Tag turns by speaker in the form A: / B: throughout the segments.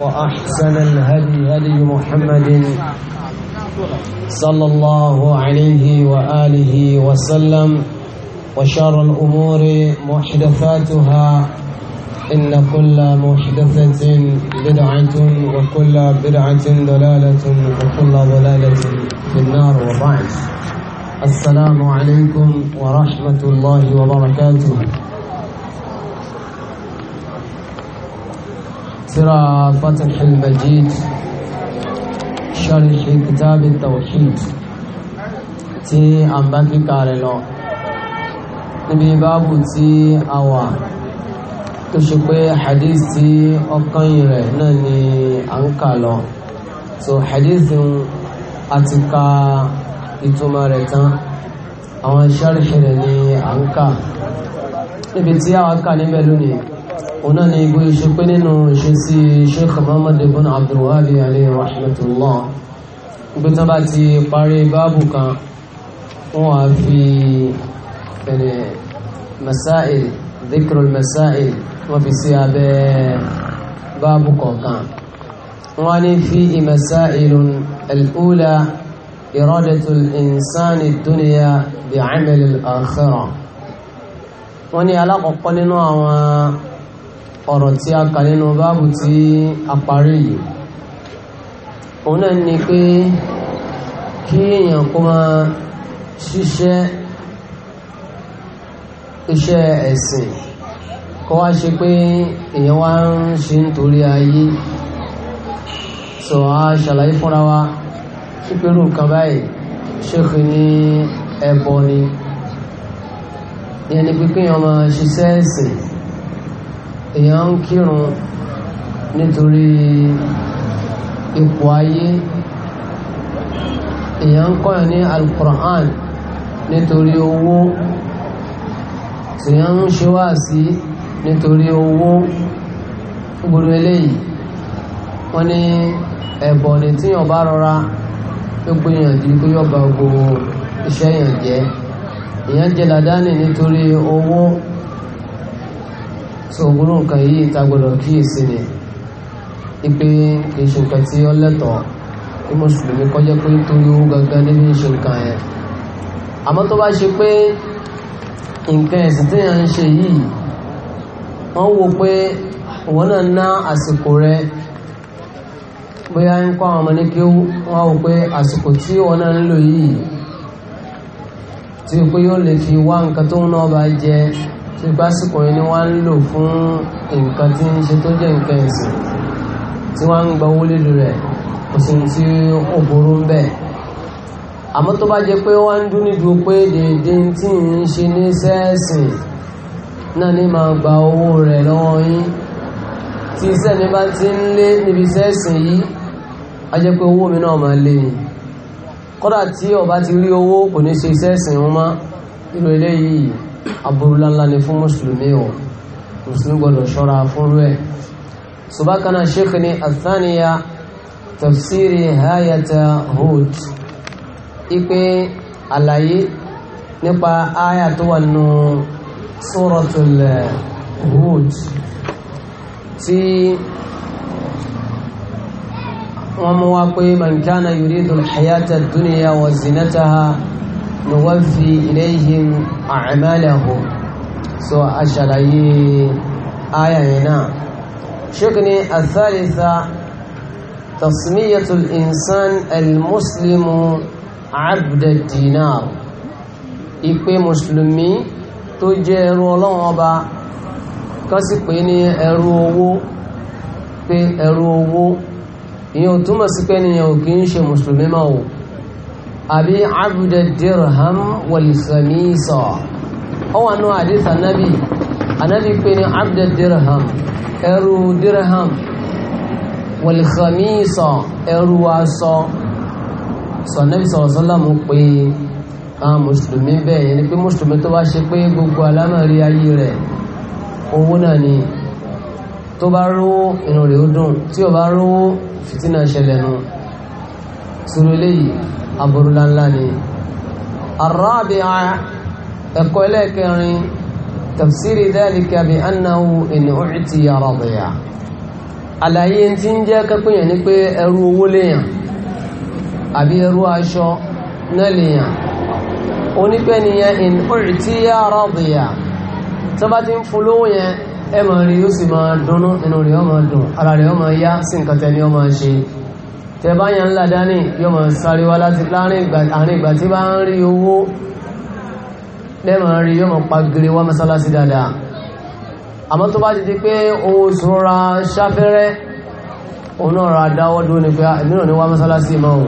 A: وأحسن الهدي هدي محمد صلى الله عليه وآله وسلم وشر الأمور محدثاتها إن كل محدثة بدعة وكل بدعة ضلالة وكل ضلالة في النار وبعد السلام عليكم ورحمة الله وبركاته ترى فتح المجيد شرح كتاب التوحيد تي أمبكي كارلو níbi báàbù tí a wà tó ṣe pé hadith tí ọkàn yìí rẹ̀ náà ni à ń kà lọ so hadith ń àti ka ìtumọ̀ rẹ̀ tán àwọn sharhi rẹ̀ ni à ń kà níbi tí a wà kà níbẹ̀ lónìí ọ̀nà ni ibo iṣẹ́ pé nínú iṣẹ́ sí Sheikh Muhammad ibn Abdul Wahab alayhi rahmatullah gbé tán bá ti parí báàbù kan wọ́n wá fi ẹ̀rẹ̀ masáìl dhikrul masáìl wọ́n fi sí abẹ́ báàbù kọ̀ọ̀kan wọ́n ní fi masáìlun al-ula iradatul insani ad-dunya bi'amal al wọ́n ní alákọ̀ọ́kọ́ nínú àwọn ọ̀rọ̀ tí a kà nínú báàbù tí a parí yìí òun náà ni pé kí èèyàn kó máa ṣiṣẹ́ iṣẹ́ ẹ̀sìn kó wá ṣe pé èèyàn wá ń ṣe nítorí ayé sọ a ṣàlàyé fúnra wa ṣípẹ́rù nǹkan báyìí ṣéèkì ní ẹbọ ni ìyẹn ni pé kéèyàn ṣiṣẹ́ ẹ̀sìn èèyàn ń kírun nítorí ipò ayé èèyàn ń kọ́yàn ní alukur'an nítorí owó èèyàn ń ṣe wáàsí nítorí owó gbogbo eléyìí wọ́n ní ẹ̀bọ̀ ní tíyàn bá rọra gbogbo èèyàn di kó yọba gbogbo iṣẹ́ èèyàn jẹ́ èèyàn jẹ́ làdáni nítorí owó so gbogbo nǹkan yìí ta gbọdọ̀ kíyèsí ni ipe kì í ṣe nǹkan tí ó lẹ́tọ̀ọ́ kí mùsùlùmí kọjá pé torí owó gangan níbi ń ṣe nǹkan yẹn àmọ́ tó bá ṣe pé nǹkan ẹ̀sìn tí yẹn ń ṣe yìí wọ́n wo pé wọ́n náà ná àsìkò rẹ bóyá ń kọ́ àwọn ọmọ ní kí wọ́n wo pé àsìkò tí wọ́n náà ń lò yìí tí pé yóò lè fi wá nǹkan tó ń náà bá jẹ tí ìgbásíkò yẹn ni wọ́n ń lò fún nǹkan tí ń ṣe tó jẹ́ nǹkan ẹ̀sìn tí wọ́n ń gba owó lílo rẹ̀ kò sí tí ó burú ń bẹ̀. àmọ́ tó bá jẹ́ pé wọ́n ń dún nídùú pé dèédé tí ń ṣe ní sẹ́ẹ̀sìn náà ní máa gba owó rẹ̀ lọ́wọ́ yín tí iṣẹ́ mi bá ti ń lé níbi sẹ́ẹ̀sìn yìí á jẹ́ pé owó mi náà máa lé ni kódà tí ọba ti rí owó kò ní ṣe sẹ́ẹ̀sìn wọn mọ́ irú eléyìí aburulala ni fún mùsùlùmí o mùsùlùmí gbọdọ̀ ṣọ́ra fúnrú ẹ̀ subakana sheikh ni athaniya tafsiri hayata hud ipe àlàyé nípa aya tó wà nù suratul hud tí wọ́n mú wá pé man kana yuridu hayata ad wa zinataha nuwafi ilayhim a'malahum so aṣàlàyé ayayin náà ṣíkì ni àtàlìsà tasmiyatul insan al-muslimu abdad dinar ìpè mùsùlùmí tó jẹ́ ẹrú ọlọ́run ọba kan sì pé ní ẹrú owó pé ẹrú owó ìyẹn ò túmọ̀ sí pé ní ìyẹn ò kì ṣe mùsùlùmí máa wò àbí abdul dirham wal khamisa ó wà nù hadith anabi anabi pé ní dirham ẹrú dirham wal khamisa ẹrú aṣọ sọ anabi sọ̀rọ̀ sọ́lá mú pé àwọn mùsùlùmí bẹ́ẹ̀ ni pé mùsùlùmí tó bá ṣe pé gbogbo alámọ̀rí ayé rẹ̀ owó náà ni tó bá rówó inú rẹ̀ ó dùn tí ó bá rówó fìtínà nu sórí eléyìí aburú ńláńlá ni arrabi'a ẹ̀kọ́ ẹlẹ́ẹ̀kẹrin tafsiri dhalika bi annahu in u'tiya radiya àlàyé tí ń jẹ́ kẹ́kọ̀ọ́yàn ní pé ẹrú owó léyàn àbí ẹrú aṣọ náà léyàn onípẹ́ nìyẹn in u'tiya radiya tó bá ti ń fún lówó yẹn ẹ máa rí yóò sì máa dunnú inú rẹ̀ ó máa dùn ara rẹ̀ ó máa yá sí nǹkan tẹ́ni ó máa ṣe tẹ bá yàn ńlá dání yóò mọ̀ sáré wá láti láàrin ìgbà tí bá ń rí owó lẹ́mọ̀ rí yóò mọ̀ pagiri wá mọ́sálásí dáadáa àmọ́ tó bá ti di pé owó sọ́ra sáfẹ́rẹ́ òun náà ra dáwọ́ dúró ni pé ìmíràn ah, ni wá mọ́sálásí mọ́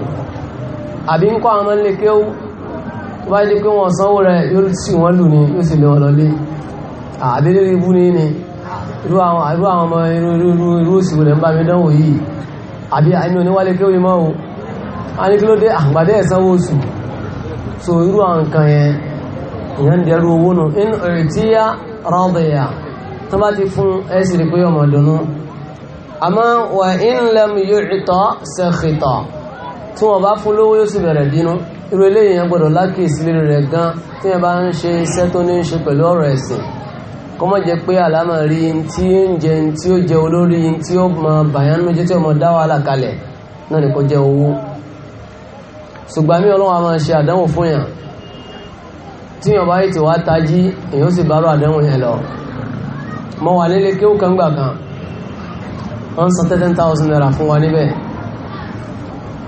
A: àbí ń kọ́ àwọn ọmọ ilé kéwú tó bá ti di pé wọ́n sanwó rẹ̀ yóò sì wọ́n lù ní yóò sì lé wọn lọlé ah, àbí rírí ibú ní ni irú àwọn ọmọ irú irú irú òsìwò rẹ̀ ń àbí àìmì oníwálé kí ó lè mọ́ o a ní kí ló dé àgbàdẹ́ ẹ̀sánwó oṣù so irú àǹkan yẹn ìyẹn ń dẹrú owó nù in ìrètíyà rọ́bìyà tó bá ti fún ẹ̀sì rí pé ọmọ dùnú àmọ́ wà in lẹ́m yóò ìtọ́ sẹ́kìtọ̀ tí wọ́n bá fún lówó yóò sì bẹ̀rẹ̀ bínú irú eléyìí yẹn gbọ́dọ̀ lákèsí lórí rẹ̀ gan tí yẹn bá ń ṣe iṣẹ́ tó ní ṣe pẹ̀lú ọ̀rọ̀ ẹ̀sìn kọ́mọ́ jẹ́ pé àlámà rí tí ó ń jẹ tí ó jẹ olórí tí ó mọ bàyánú jẹ́ tí ó mọ dá wàhálà kalẹ̀ náà ni kò jẹ owó ṣùgbọ́n mi ọlọ́wọ́ a máa ṣe àdánwò fún yàn tí yàn bá yìí ti wá tají èyí ó sì bá rọ àdánwò yẹn lọ mọ wà nílé kéwù kan gbà kan wọ́n san thirteen thousand naira fún wa níbẹ̀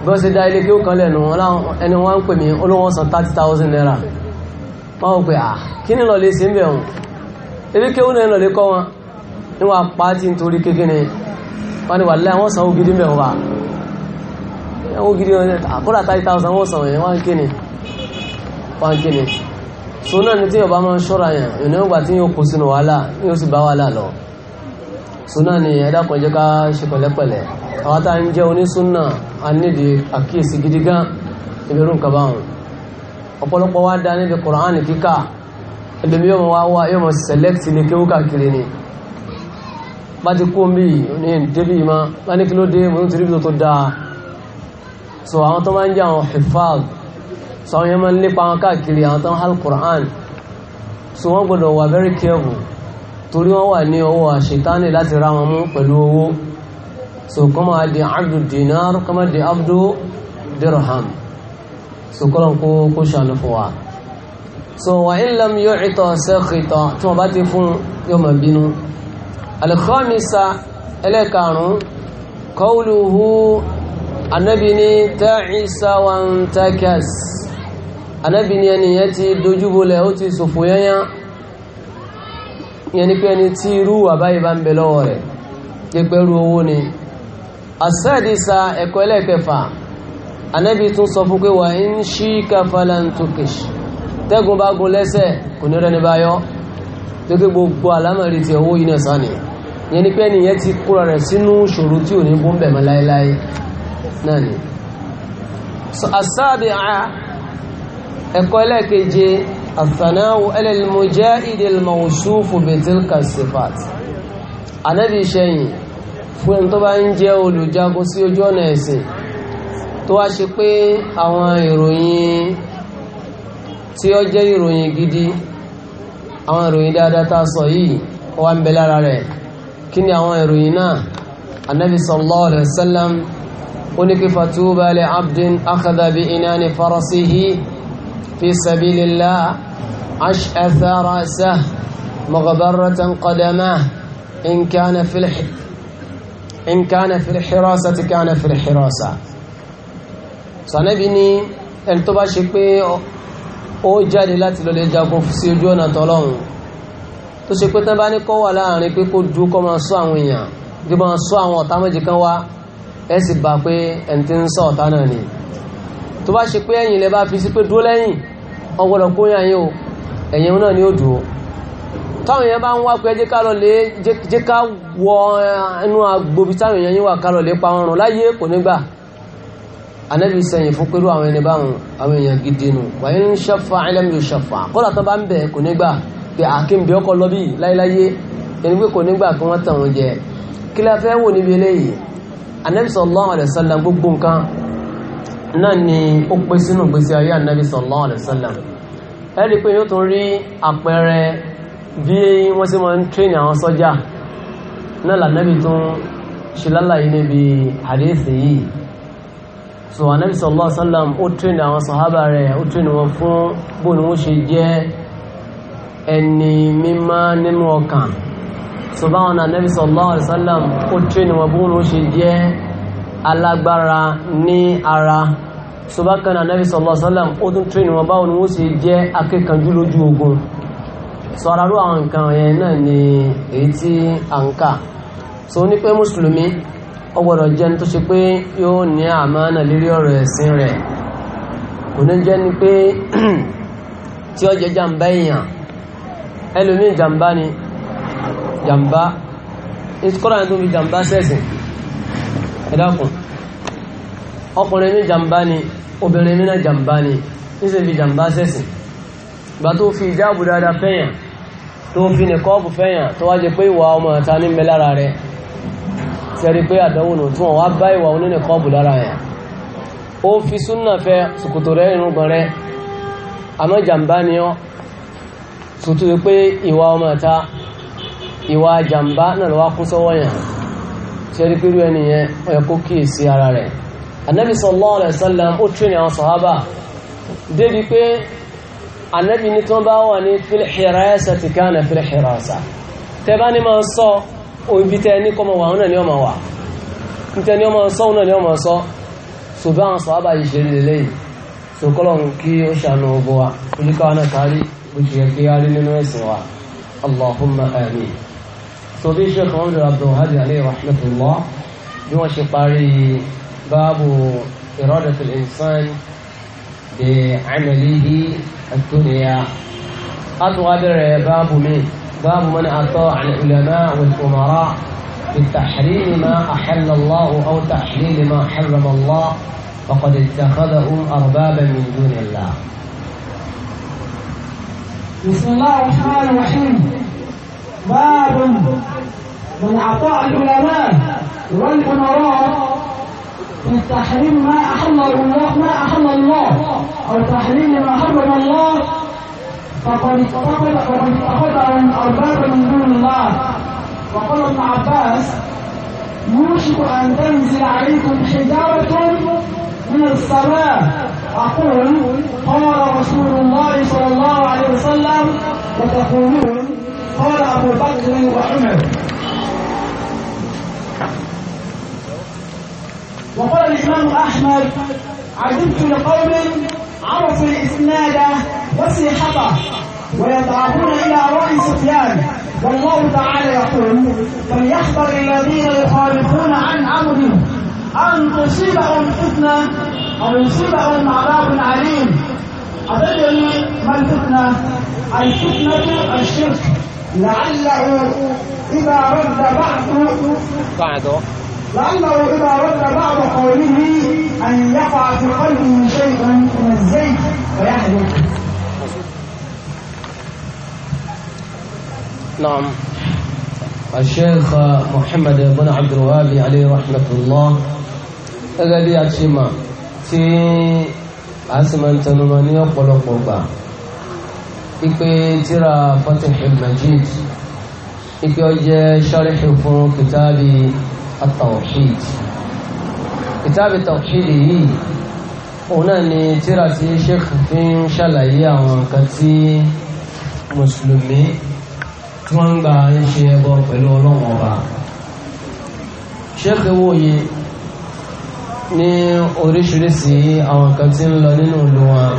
A: bí wọ́n ṣe dá ilé kéwù kan lẹ́nu ẹni wọ́n ń pè mí olówó san thirty thousand naira wọ́n ń pè à kí ni lọ́ọ́ lè ṣe ń bẹ̀ wọ́n ebi kéwú náà lọ lè kọ́ wọn níwọ̀n apá tí ń torí kékeré wọ́n ni wà lẹ́ àwọn sanwó gidi mẹ́wọ́n bá àwọn gidi wọn ah, àkọ́lá 30,000 wọ́n sanwó yẹn wọ́n kéne wọ́n kéne so náà ní tí yọba máa ń ṣọ́ra yẹn ìní ọgbà tí yóò kó sínú wàhálà yóò sì bá wàhálà lọ so ni ẹ̀dá kan jẹ́ ká ṣe pẹ̀lẹ́pẹ̀lẹ́ àwọn tá ń jẹ́ onísúnà dá níbi Kùránì kíkà ẹlẹ́mi yóò wá wá yóò mọ̀ select ilé kéwú káàkiri ni bá ti kó mbí ní débì ma bá ní kí ló dé mo ń tìrí tó dáa so àwọn tó máa ń jẹ́ àwọn hifad so àwọn yẹn máa ń lépa àwọn káàkiri àwọn tó ń hal Qur'an so wọ́n gbọ́dọ̀ wà very careful torí wọ́n wà ní ọwọ́ àṣetánì láti ra wọn mú pẹ̀lú owó so kọ́ máa di abdu dinar kọ́ máa di abdu dirham so kọ́ lọ́n kó ṣàánú fún wa so wa illam yu'ta sakhita tí wọ́n bá ti fún yóò máa bínú al-khamisa ẹlẹ́karùn-ún qawluhu anábì ní ta'isa wa intakas anábì ní ẹniyàn ti dojúbolẹ̀ ó ti sòfò yányán yẹn ni pé ẹni tí irú wà báyìí bá ń bẹ lọ́wọ́ rẹ̀ jẹ́pẹ̀rú owó ni asẹ́dìsá ẹ̀kọ́ ẹlẹ́kẹfà anábì tún sọ fún pé wà ń ṣí kafalantukish tẹ́gùn bá gún lẹ́sẹ̀ kò ní rẹni bá yọ́ tó kí gbogbo alámọ̀rí ti owó iná sàn ni yẹn ni pé nìyẹn ti kúra rẹ̀ sínú ṣòro tí ò ní bó ń bẹ̀mọ́ láéláé náà ni asáàbì a ẹ̀kọ́ ẹlẹ́keje àtànáwò ẹlẹ́lmọ̀jẹ́ ìdèlmọ̀ṣúfù bẹ̀tẹ́lkà sifat anábì ṣẹ́yìn fún ẹni tó bá ń jẹ́ olùjagun sí ojú ọ̀nà ẹ̀sìn tó wá ṣe tí ó jẹ́ ìròyìn gidi àwọn ìròyìn dáadáa tá a sọ yìí ó wá ń bẹ lára rẹ̀ kí ni àwọn ìròyìn náà anabi sallallahu alayhi wa sallam ó ní kí fatuba li abdin akhadha bi inani farasihi fi sabilillah ash'atha ra'sah maghbaratan qadamah in kana fil in kana fil hirasati sanabi ni ẹni tó bá ṣe pé ó jáde láti lọ lè jagun sí ojú ọ̀nà tọ́lọ́hun tó ṣe pé tán bá ní kọ́ wà láàrin pé kó dúró kọ́ máa sọ àwọn èèyàn bí máa sọ àwọn ọ̀tá méjì kan wá ẹ sì bá pé ẹni tí ń sọ ọ̀tá náà ni tó bá ṣe pé ẹ̀yìn lẹ bá fi sí pé dúró lẹ́yìn ọgbọ́dọ̀ kó yàn yín o ẹ̀yìn náà ni ó dúró táwọn èèyàn bá ń wá pé jẹ́ ká lọ lè jẹ́ ká wọ ẹnu agbobi táwọn èèyàn yín wà ká lọ lè pa ọrùn láyé kò nígbà anabi sẹ́yìn fún pẹ̀lú àwọn ẹni báwọn àwọn èèyàn gidi nù wàyí ń ṣẹ́fà ẹlẹ́m yóò ṣẹ́fà kọ́lá tó bá ń bẹ̀ kò nígbà pé àkínbí ọkọ̀ lọ́bí láyéláyé ẹni pé kò nígbà kí wọ́n tàn wọ́n jẹ kí la fẹ́ wò níbi eléyìí anabi sallallahu alaihi gbogbo nǹkan náà ni ó pé sínú ìgbésí ayé anabi sallallahu alaihi wasallam ẹ rí i pé yóò tún rí àpẹẹrẹ bí wọ́n sì máa ń tírìn àwọn sọ́jà náà lànàbì tún ṣe lálàyé níbi àdéhìsì yìí so anabi sallallahu alaihi wasallam ó tún àwọn sahaba rẹ̀ ó tún wọn fún bóun wọn ṣe jẹ́ ẹni mímọ́ nínú ọkàn so báwọn anabi sallallahu alaihi wasallam ó tún wọn bóun wọn ṣe jẹ́ alágbára ní ara so bákan anabi sallallahu alaihi wasallam ó tún tún wọn báwọn wọn ṣe jẹ́ akẹ́kànjú lójú ogun so ara rú àwọn nǹkan yẹn náà ni èyí tí à ń kà so ní pé mùsùlùmí ọgbọ́dọ̀ gwara tó ṣe pé yóò ní àmánà lérí ọ̀rọ̀ ẹ̀sìn rẹ̀ kò ní jẹ́ ni pé tí ó jàmbá èèyàn ẹlòmí jàmbá ni jàmbá ìkọ́ra tó fi jàmbá sẹ́sìn ẹ̀dàkùn ọkùnrin ní jàmbá ni obìnrin ní jàmbá ni ìṣe fi jàmbá sẹ́sìn ìgbà tó fi ìjáàbù dáadáa fẹ́yàn tó fi nìkọ́ọ̀bù fẹ́yàn tó wá pé ìwà ọmọ àta ní mẹ́lára tẹ́rí pé àdánwò nù tún ọ̀wá bá ìwà onínì kọ́ọ̀bù lára yẹn ó fi súnà fẹ́ sòkòtò rẹ irùngbọ̀n rẹ àmọ́ jàǹbá ni ọ́ tuntun yìí pé ìwà ọmọ ta ìwà jàǹbá náà lọ́wọ́ kún sọ́wọ́ yẹn tẹ́rí pé irú ẹni yẹn ó yẹ kó kíyèsí ara rẹ̀ anabi sallallahu alaihi wasallam ó tún ní àwọn sọ̀hábà débi pé anabi ní tó bá wà ní fil hirasati kana fil hirasa òbí tẹ́ ní kọmọ wà náà ni ọmọ wà nítẹ́ ni ọmọ sọ náà ni ọmọ sọ so bí àwọn sọ̀rọ̀ àbáyé ṣe lè lẹ́yìn so kọ́lọ̀ kí ó ṣàánú ọgbọ́ wa oníkàwọn náà kárí bó ti kí á rí nínú ẹ̀sìn wa allahumma amin so bí iṣẹ́ kan lè Abdul Hadi alayhi rahmatullah bí wọ́n ṣe parí báàbù iradatul insan bi amalihi ad-dunya a tún wá bẹ̀rẹ̀ báàbù míì باب من أطاع العلماء والأمراء بتحريم ما أحل الله أو تحليل ما حرم الله فقد اتخذهم أربابا من دون الله بسم الله الرحمن الرحيم باب من أطاع العلماء والأمراء في تحريم ما أحل الله ما أحل الله أو تحليل ما حرم الله فقد اتخذ فقد اتخذهم أرباب من دون الله وقال ابن عباس يوشك أن تنزل عليكم حجارة من السماء أقول قال رسول الله صلى الله عليه وسلم وتقولون قال أبو بكر وعمر وقال الإمام أحمد عجبت لقوم عرفوا الإسناد وصيحته ويذهبون إلى رأي سفيان والله تعالى يقول فليحذر الذين يخالفون عن أمره أن تصيبهم فتنة أو يصيبهم عذاب عليم أدري ما الفتنة؟ الفتنة الشرك لعله إذا رد بعده بعده لعله إذا أن يقع في قلبه شيء من الزيت فيحدث نعم الشيخ محمد بن عبد الوهاب عليه رحمة الله هذا لي أتشيما في أسمى تنماني وقل قربا إكي ترى فتح المجيد إكي أجي شرح في كتاب التوحيد kìtàbí tàwhídì yìí òun náà ni tíra tí sheikh fi ń ṣàlàyé àwọn nǹkan tí mùsùlùmí tí wọ́n ń gba ń ṣe ẹbọ pẹ̀lú ọlọ́run ọba sheikh wòye ní oríṣiríṣi àwọn nǹkan tí ń lọ nínú ìlú wọn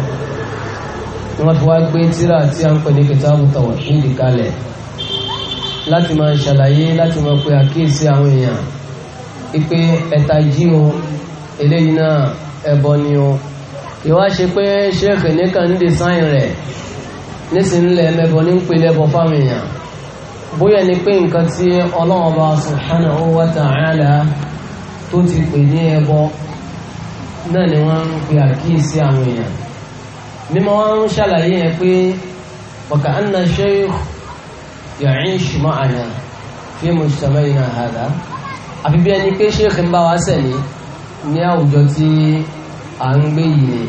A: wọ́n fi wá gbé tíra tí a ń pè ní kìtàbù tàwhídì kalẹ̀ láti máa ṣàlàyé láti máa pe àkíyèsí àwọn èèyàn ipe ẹ̀ta jí o eléyìí náà ẹbọ ni o ìwá ṣe pé ṣéèkì nìkan ń design rẹ̀ nísìnyílẹ̀ mẹ́bọ ní ń pè fáwọn èèyàn bóyá ni pé nǹkan tí Ọlọ́run Ọba subhanahu wa ta'ala tó ti pè ní ẹbọ náà ni wọ́n ń pe àkíyèsí àwọn èèyàn mímọ́ wọn ń ṣàlàyé yẹn pé ọ̀kà anna sheikh ya'ish ma'ana hada. àfi bí ẹni pé ṣéèkì ń bá wa sẹ̀lé ní àwùjọ tí à ń gbé yìí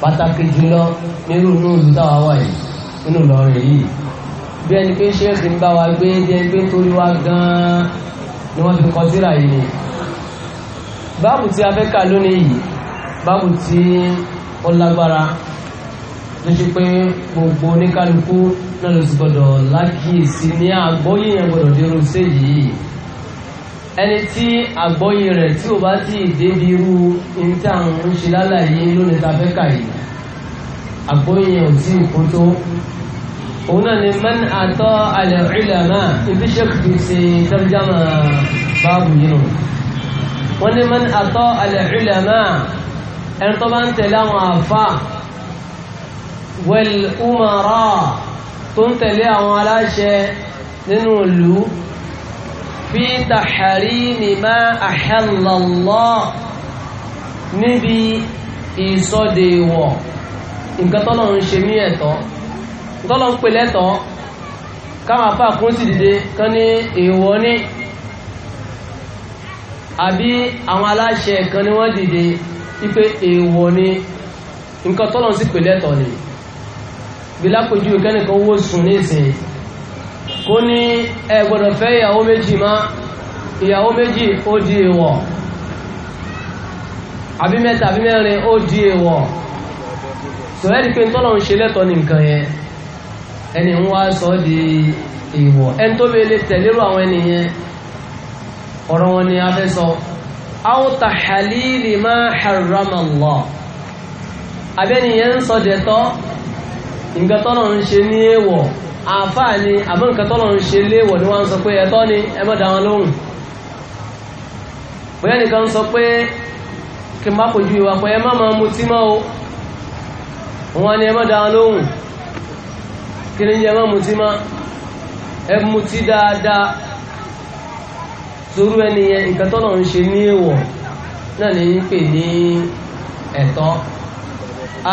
A: pàtàkì jùlọ nírú inú ìlú táwa wà yìí nínú Ìlọrin yìí bí ẹni pé ṣéèkì ń bá wa gbé bí ẹni pé torí wa gan-an ni wọ́n fi kọ síra yìí ni báàbù tí a fẹ́ kà lónìí yìí báàbù tí ó lágbára tó ṣe pé gbogbo oníkálukú náà ló sì gbọdọ̀ lákìyèsí ní àgbọ́yé yẹn gbọdọ̀ dérò séyìí ẹni tí àgbọ́yé rẹ̀ tí ò bá tí ì débi irú ní tí àwọn ń ṣe lálàyé lónìí ta fẹ́ kà yìí àgbọ́yé yẹn ò tí ì kó tó òun náà ni man àtọ́ alẹ́ ìlẹ̀ náà ibi ṣèkù ti ṣe tẹ́rìjámà báàbù yìí nù wọ́n ní man àtọ́ alẹ́ ìlẹ̀ náà ẹni tó bá ń tẹ̀lé àwọn àfa wẹ́l umara tó ń tẹ̀lé àwọn aláṣẹ nínú ìlú fi tahrimi ma ahalla Allah níbi ìsọdè ìwọ̀ nǹkan tọ́lọ̀ ń ṣe ní ẹ̀tọ́ tọ́lọ̀ ń pè lẹ́tọ́ káwọn afá kún sí dìde kán ní èèwọ̀ ní àbí àwọn aláṣẹ kan ni wọ́n dìde wípé èèwọ̀ ní nǹkan tọ́lọ̀ ń pè lẹ́tọ́ ni bí lápòjú kẹ́nìkan wó sùn ní ìsìn kó ní ẹ gbọ́dọ̀ fẹ́ ìyàwó méjì ìyàwó méjì ó di èèwọ̀ àbí mẹ́ta àbí mẹ́rin ó di èèwọ̀ tòlẹ́dì pé tọ́lọ̀ ń ṣe lẹ́tọ̀ ní nǹkan yẹn ẹni ń wá sọ di èèwọ̀ ẹni tó bèèrè tẹ̀lérò àwọn ènìyàn ọ̀rọ̀ wọn ni a fẹ́ sọ àfáà ni àmọ́ nǹkan tọ́lọ̀ ń ṣe léèwọ̀ ni wọ́n sọ pé ẹ̀tọ́ ni ẹ má dá wọn lóhùn bóyá nìkan sọ pé kí n bá kojú ìwà pé ẹ má máa mutí mọ́ o wọn ni ẹ má dá wọn lóhùn kí ni jẹ́ má mutí mọ́ ẹ mutí dáadáa torú ẹni nǹkan tọ́lọ̀ ń ṣe ní náà ní pè ní ẹ̀tọ́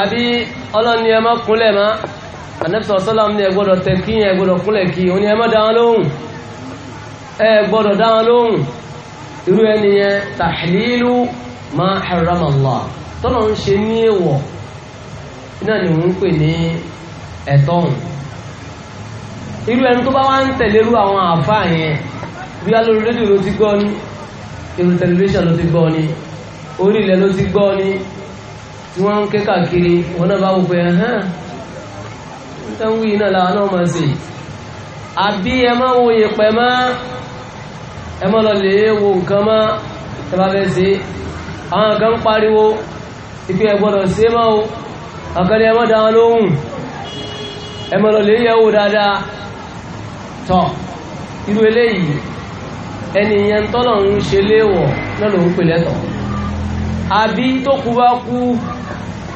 A: àbí ọlọ́ni ẹ kúnlẹ̀ máa anẹ́bísọ̀ sọ́lám ní ẹgbọ́dọ̀ tẹ kí ẹgbọ́dọ̀ kúnlẹ̀ kí o ní ẹ má dáwọn lóhùn ẹgbọ́dọ̀ dáwọn lóhùn irú ẹni yẹn tàhílù ma haramallah tọ́nà ń ṣe ní èèwọ̀ iná ni wọ́n ń pè ní ẹ̀tọ́hùn irú ẹni tó bá wá ń tẹ̀lé irú àwọn àfáà yẹn bí a lórí rédíò ló ti gbọ́ ní irú tẹlifíṣàn ló ti gbọ́ ní orí ilẹ̀ ló ti gbọ́ ní tí wọ́n ń ké káàkiri wọn náà bá wò pé ẹ̀hán tán wí náà làwọn náà máa ṣe àbí ẹ má wo yèpẹ̀ mọ́ ẹ má lọ lè wo nǹkan mọ́ ẹ bá fẹ́ ṣe àwọn kan pariwo ìpè ẹ gbọ́dọ̀ ṣe mọ́ o àkàlẹ̀ ẹ má dá wọn lóhùn ẹ má lọ lè yẹ wò dáadáa tọ̀ irú eléyìí ẹnìyẹn tọ́lọ̀ ń ṣe léèwọ̀ náà ló ń pè lẹ́tọ̀ọ́ àbí tó kú bá kú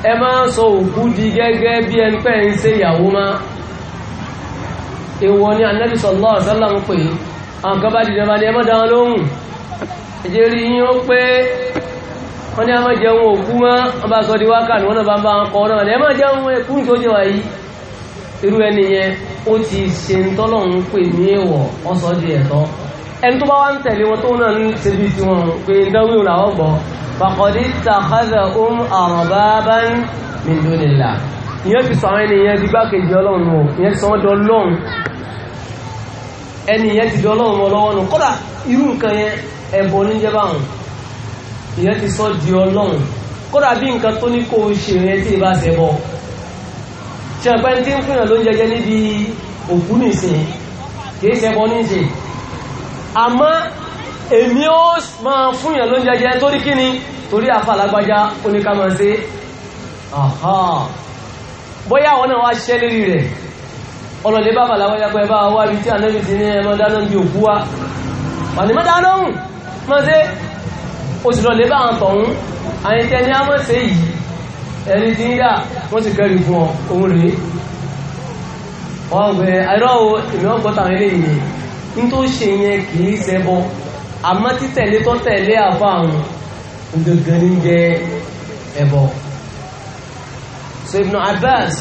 A: ẹ máa ń sọ òkú di gẹ́gẹ́ bí ẹni pẹ́ ń ṣe ìyàwó má ìwọ ni Ànábì sallallahu alaihi wasallam pé àwọn bá dìde bá ní ẹmọ́ dáwọn lóhùn ẹjẹ́ yín ó pé wọ́n ní a máa jẹun òkú mọ́ wọ́n bá sọ di wákà ní wọ́n náà bá ń bá wọn kọ́ náà ní jẹun òkú tó jẹ wáyé irú ẹni yẹn ó ti ṣe ń tọ́lọ̀ ń pè ní di ẹ̀tọ́ ẹni tó bá wá ń tẹ̀lé wọn tó náà ń ṣe bí tiwọn pé fàkọ̀dí tàkàdà ohun àrọ̀bábá min dunillah ìyẹn ti sọ àwọn ènìyàn di gbákejì ọlọ́run mọ̀ ìyẹn sọ wọ́n dọ́lọ́run ẹnìyẹn ti dọ́lọ́run mọ̀ lọ́wọ́ nù kódà irú nǹkan yẹn ẹ̀bọ níjẹ́ báwọn ìyẹn ti sọ di ọlọ́run kódà bí nǹkan tó ní kó o ṣe yẹn tí ì bá ṣe bọ́ ṣe ọ̀pẹ́ tí ń fúnyàn ló ń jẹjẹ níbi òkú nìsín kì í ṣe bọ́ níṣe àmọ́ èmi ó máa fún ìyàn ló ń torí kí ni torí àfà lágbájá oníkàmọ̀ sí bóyá àwọn náà wá ṣiṣẹ́ lérí rẹ̀ ọlọ́dẹ bá bàlágbájá pé bá wá ibi tí ànábì ti ní ẹmọ dáná bí òkú wa pàdé mọ́ dáná hùn mọ́ sí oṣù lọ́dẹ bá àwọn tọ̀hún àyẹ̀tẹ́ ní àmọ́ yìí ẹni tí ń dà wọ́n ti kẹ́rì fún ọ òun rèé wọ́n gbé àìrọ́ ìmọ̀ ọgbọ́ta ilé ìyẹn ní tó ṣe yẹn kìí ṣẹbọ àmọ́ títẹ̀lé tó tẹ̀lé àfa àwọn gangan ní jẹ́ ẹbọ so Ibn Abbas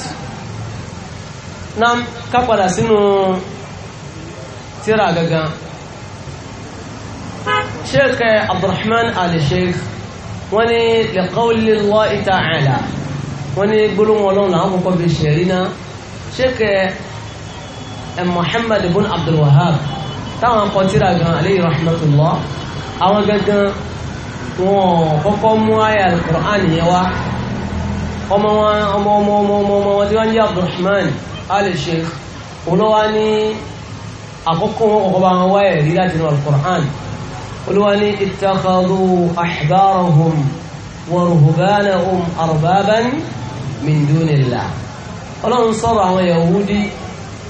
A: náà ká padà sínú tíra gangan sheikh abdulrahman al-sheikh wọ́n ní liqawli Allahi ta'ala wọ́n ní gbólóhùn ọlọ́run làwọn kọ́kọ́ fi táwọn kọtíra gan aleyhi rahmatullah àwọn gangan wọn kọ́kọ́ mú àyà alukur'an yẹn wá ọmọ wọn ọmọ ọmọ ọmọ ọmọ ọmọ wọn tí wọn ń jẹ abdulrahman al-sheikh olówá ní àkọ́kọ́ wọn kọ́kọ́ bá wọn wáyà rí láti inú alukur'an olówá ní ittakhadhu ahbarahum wa ruhbanahum arbaban min ọlọ́run sọ̀rọ̀ àwọn yahudi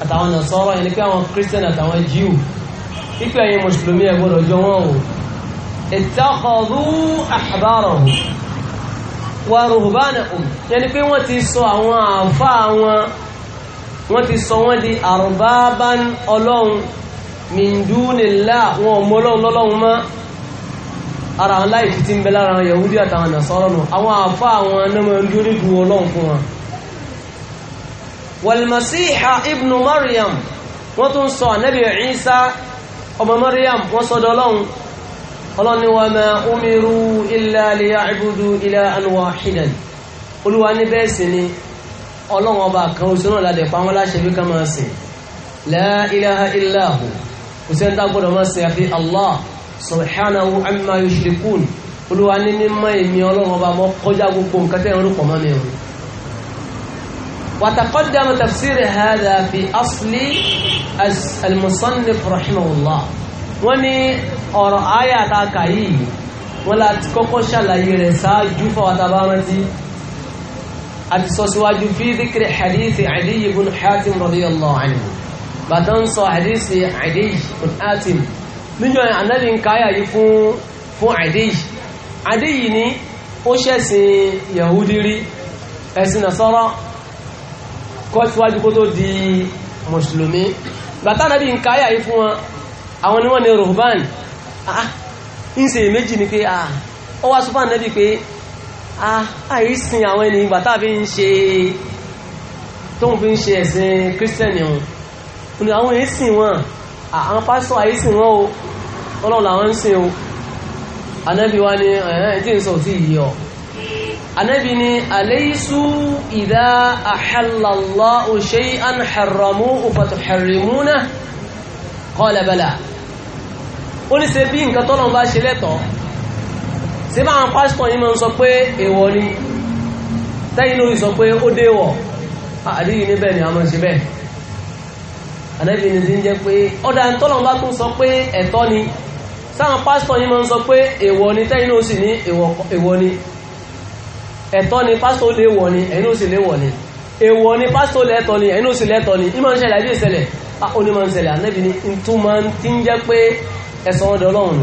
A: àtàwọn nasọ́rọ̀ yẹn pé àwọn christian àtàwọn jew pípẹ́ ẹ̀yin mùsùlùmí ẹ gbọ́dọ̀ jọ wọ́n o ittakhadhu ahbarahum wa ruhbanahum yẹni pé wọ́n ti sọ àwọn àǹfàá wọn wọ́n ti sọ wọ́n di arbaban ọlọ́run min dunillah wọn ò mọ ọlọ́run lọ́lọ́run mọ́ ara àwọn láìsí ti ń bẹ lára àwọn yahudi àtàwọn nasara nù àwọn àǹfàá wọn náà máa ń du ọlọ́run fún wọn. wal ibnu maryam wọ́n tún sọ ànábì Ìsá ọmọ Maryam wọ́n sọ́dọ̀ ọlọ́run ọlọ́ni wa ma umiru illa liya'budu ilahan wahidan olúwa ní bẹ́ẹ̀ sì ni ọlọ́run ọba kan oṣù náà ládẹ̀ pa wọ́n láṣẹ bí ká máa sìn la ilaha illa hu kò sẹ́ni tá gbọ́dọ̀ máa sìn àfi Allah subhanahu amma yushrikun olúwa ní mímọ́ ìmí ọlọ́run ọba mọ́ kọjá gbogbo nǹkan tẹ́ ń rúpọ̀ mọ́ mi rùn وتقدم تفسير هذا في أصل المصنف رحمه الله وني ọ̀rọ̀ àyà tá a kà yìí wọ́n la ti kọ́kọ́ ṣàlàyé rẹ̀ ṣáájú fọwọ́ tá a bá rántí àti sọ síwájú fi dhikri hadithi Adiy ibn Hatim radiyallahu anhu bàtà ń sọ hadithi Adiy ibn Hatim níjọ́ ànábì ń káyà yìí fún fún Adiy Adiy ni ó ṣẹ̀sìn Yahudi rí ẹ̀sìn Nasara kọ́ síwájú kó tó di mùsùlùmí bàtà nàbí ń káyà yìí fún wọn àwọn ni rohban ah ń ṣe méjì ni pé ah ó wá sọ fún ànábì pé ah àìsìn àwọn ènìyàn bàtà fi ń ṣe tóun fi ń ṣe ẹ̀sìn kírísítẹ̀nì wọn ni àwọn èsìn wọn ah, àwọn pásítọ̀ àìsìn wọn o ọlọ́run làwọn ń sìn o ànábì wa ni ẹ̀ẹ́n tí ń sọ òtí yìí ọ̀ anábi ni alaysu idha ahalla Allahu shay'an harramuhu fatuharrimuna qala bala ó ní ṣe bí nǹkan tọ́lọ́run bá ṣe lẹ́tọ̀ọ́ sí máa ń pásítọ̀ yìí máa ń sọ pé èèwọ̀ ni tẹ́yìn lórí sọ pé ó déwọ̀ àdíyí níbẹ̀ ni a máa ṣe bẹ́ẹ̀ ànábì ni ti ń jẹ́ pé ọ̀dà tọ́lọ́run bá tún sọ pé ẹ̀tọ́ ni sáwọn pásítọ̀ yìí máa ń sọ pé èèwọ̀ ni tẹ́yìn lórí sì ní èèwọ̀ ni ẹ̀tọ́ ni pásítọ̀ lè wọ̀ ni ẹ̀yin ó sì lè wọ̀ ni èèwọ̀ ni pásítọ̀ lẹ́tọ̀ ni ó sì ni ìmọ̀ ń àbí ìṣẹlẹ̀ ó ní máa ni ti ń jẹ́ pé ẹ̀sán ọdẹ ọlọ́run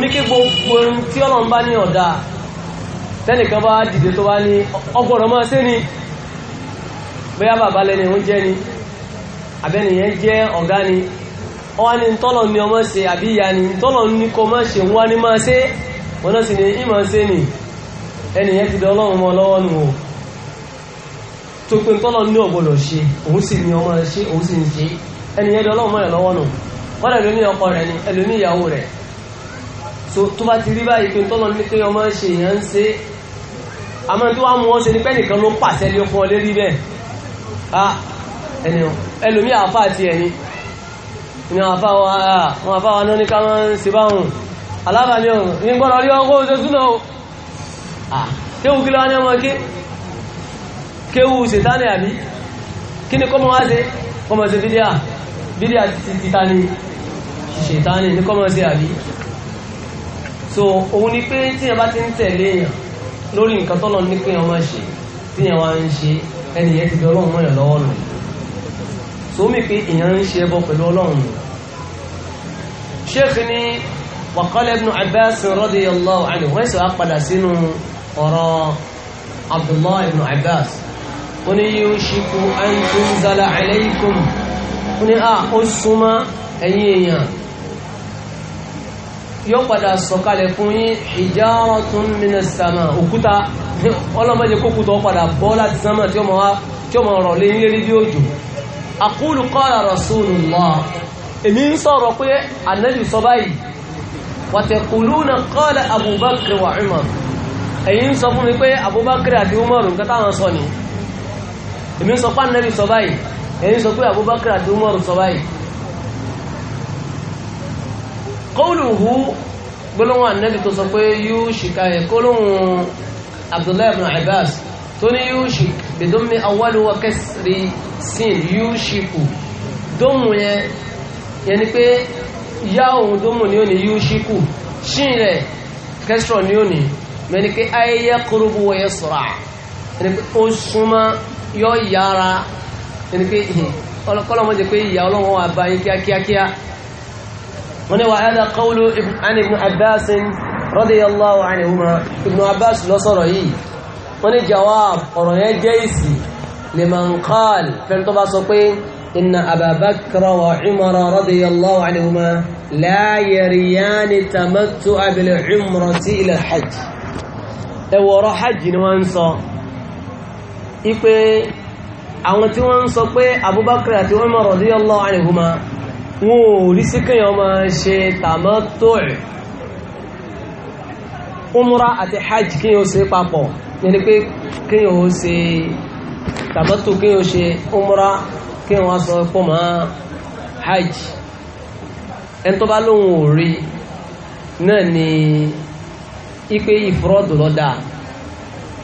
A: nù kí gbogbo tí ọlọ́run bá ní ọ̀dà tẹ́nìkan bá dìde tó bá ní máa ni bóyá bàbá lẹ́ni ni àbẹ́nìyẹn jẹ́ ọ̀gá ni ọwá ní tọ́lọ̀ ọmọ ṣe ni tọ́lọ̀ ṣe máa ṣe ẹnìyẹn ti dán ọlọ́run mọ́ lọ́wọ́ nù o tó pé tọ́lọ́ ní ọ̀gbọ́dọ̀ ṣe òun sì ní ọmọ rẹ̀ ṣe òun sì ń ṣe ẹnìyẹn dán ọlọ́run mọ́ rẹ̀ lọ́wọ́ nù kọ́dà ẹlòmí ọkọ rẹ̀ ni ẹlòmí ìyàwó rẹ̀ so tó bá ti rí báyìí pé tọ́lọ́ ní pé ọmọ ṣe èèyàn ń ṣe àmọ́ tó wá mú wọn ṣe ni pé nìkan ló pàṣẹ lé fún ọ lérí bẹ́ẹ̀ ah ẹlòmí àáfàá ti ẹni ni? àáfàá wa náà ní ká máa ń ṣe báwọn alábàámi ọ̀hún ní gbọ́dọ̀ rí ọkọ̀ oṣooṣù náà Ah, kéwù kí lọ́wọ́ ní ọmọ ké kéwù sètánì àbí kí ni kọ́mọ wá sí kọ́mọ sí bídíà bídíà títà ní sètánì ní kọ́mọ sí àbí so òun ni pé tí ẹ bá ti ń tẹ̀lé èèyàn lórí nǹkan tọ́lọ̀ ní pé ọmọ ṣe tí ẹ wá ń ṣe ẹnìyẹn ti di ọlọ́run mọ́yàn lọ́wọ́ nù so mi pé èèyàn ń ṣe ẹbọ pẹ̀lú ọlọ́run nù sheikh ni waqala ibn abbas radiyallahu anhu wọ́n sì wá sínú ọ̀rọ̀ abdullahi ibn abbas ó ní yíó ṣíkú an tunzala alaykum ó ní à ah, ó súnmọ́ ẹ̀yin èèyàn yóò padà sọ̀kalẹ̀ fún yín hijaratun minas sama òkúta ọlọ́mọdé kókútọ̀ padà bọ́ láti sánmà tí ó mọ̀ ọ̀rọ̀ lé ní lérí bí òjò aqulu qala rasulullah èmi ń sọ̀rọ̀ pé ànábì sọ báyìí wa taquluna qala abubakar wa umar ẹ̀yin ń sọ fún mi pé Abubakar àti Umaru nǹkan táwọn sọ ni èmi ń sọ pé Ànábì sọ báyìí ẹ̀yin sọ pé Abubakar àti Umaru sọ báyìí qawluhu gbólóhùn Ànábì tó sọ pé yóò ṣìkà ẹ̀ gbólóhùn Abdullahi ibn Abbas tó ní yóò ṣìk bidummi awwali wa sin yóò ṣìkù dóhùn yẹn yẹn ni pé yá òun dóhùn ni ó ní yóò ṣìkù ṣìn rẹ̀ kẹsìrọ̀ ni ó ní mẹ́ni pé ayẹyẹ kúrúbù wọ̀nyẹ sọ̀rọ̀ à ẹni pé ó súnmọ́ yọ yára ẹni pé ọlọ́mọdé pé ìyá ọlọ́wọ́ wà bá yín kíákíákíá wọ́n ní wà ẹ́dà kọ́wọ́lù ibn abbas radiyallahu anhuma ibn abbas ló sọ̀rọ̀ yìí wọ́n ní jawab ọ̀rọ̀ yẹn jẹ́ ìsì liman qal fẹ́ni tó إن أبا بكر وعمر رضي الله عنهما لا يريان تمتع بالعمرة إلى الحج ẹwọ ọ̀rọ̀ hajj ni wọ́n ń sọ ipé àwọn tí wọ́n ń sọ pé Abubakar àti Umar radiyallahu anhuma wọn ò rí sí kíyàn ma ṣe tamattu' umra àti hajj kíyàn ó ṣe papọ̀ yẹni pé kíyàn ó ṣe tamattu' kíyàn ó ṣe umra kíyàn wá sọ pọ̀ mọ́ hajj ẹni tó bá lóhun ò rí náà ni ipe ìfúrọ́dù lọ́dà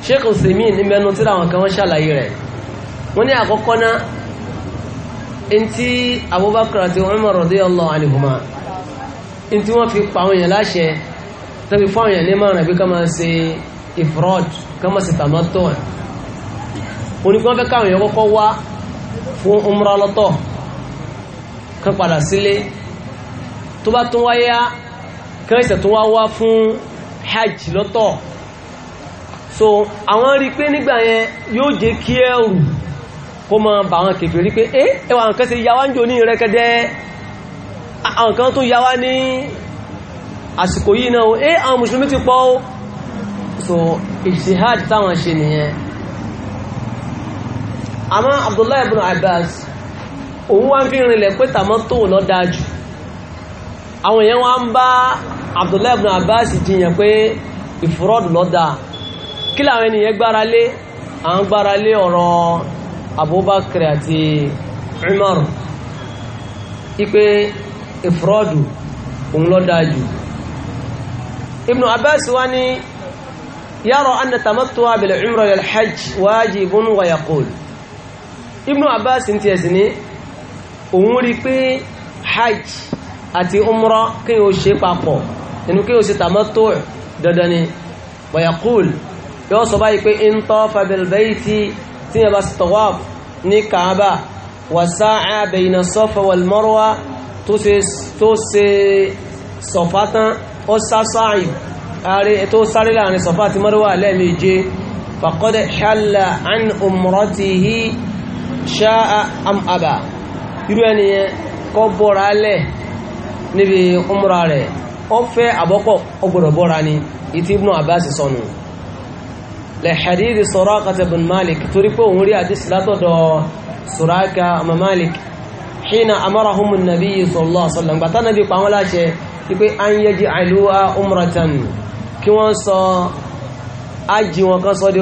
A: sheikh osemin ní mẹ́nu tí àwọn kan wọ́n ṣàlàyé rẹ̀ wọ́n ní àkọ́kọ́ náà ntí abubakar àti umar radiyallahu anhuma ntí wọ́n fi pa àwọn èèyàn láṣẹ tàbí fún àwọn èèyàn ní márùn àbí ká máa ṣe ìfúrọ́dù ká máa ṣe tàmátọ́ oníkí wọ́n fẹ́ káwọn èèyàn kọ́kọ́ wá fún umra lọ́tọ̀ kan padà sílé tó bá tún wáyá kan ìṣẹ̀ tó wá wá fún hajj lọ́tọ̀ so àwọn rí pé nígbà yẹn yóò jẹ́ kí ẹrù kó mọ bà wọn kèfèé rí pé eh ẹwà nǹkan ṣe yáwá ń jò ní rẹ́kẹ́dẹ́ àwọn kan tó yáwá ní àsìkò yìí náà eh àwọn mùsùlùmí ti pọ̀ so ìṣìhàd táwọn ṣe nìyẹn àmọ́ Abdullahi ibn Abbas òun wá ń fi rinlẹ̀ pé tàmọ́ tó lọ àwọn èèyàn wá ń bá Abdullahi ibn Abbas jiyàn pé ìfúrọ́dù lọ́dà kí làwọn ènìyàn gbára lé àwọn gbára lé ọ̀rọ̀ Abubakar àti Umar ipe ìfúrọ́dù òun lọ́dà jù ibn Abbas wá ní yàrá anna tamattu'a bil umra wal hajj wajibun wa yaqul ibn Abbas ti ẹ̀sìn ní òun rí pé hajj àti umra kí o ṣe papọ̀ inú kí o ṣe tamattu dandan ni wa yaqul yóò sọ báyìí pé in tafa bil bayti tí yẹn bá sì tawaf ní kaaba wa sa'a bayna safa wal marwa tó ṣe sọ̀fá tán ó sá sáàì tó sáré láàrin sọ̀fá àti marwa lẹ́ẹ̀méje faqad halla an umratihi sha'a am aba irú ẹniyẹn kọ́ bọ́ra lẹ́ẹ̀ níbi umra rẹ̀ ó fẹ́ àbọ́kọ̀ ó gbọ́dọ̀ bọ́ra ni ìtí Ibn Abbas sọnù lè hadith Suraqah ibn Malik torí pé òun rí hadith látọ̀dọ̀ Suraqah ọmọ Malik hina amarahum an-nabi sallallahu alaihi wasallam gbàtà nàbí pa wọn láṣẹ wípé an yaj'aluha umratan kí wọ́n sọ ájì wọn kan sọ di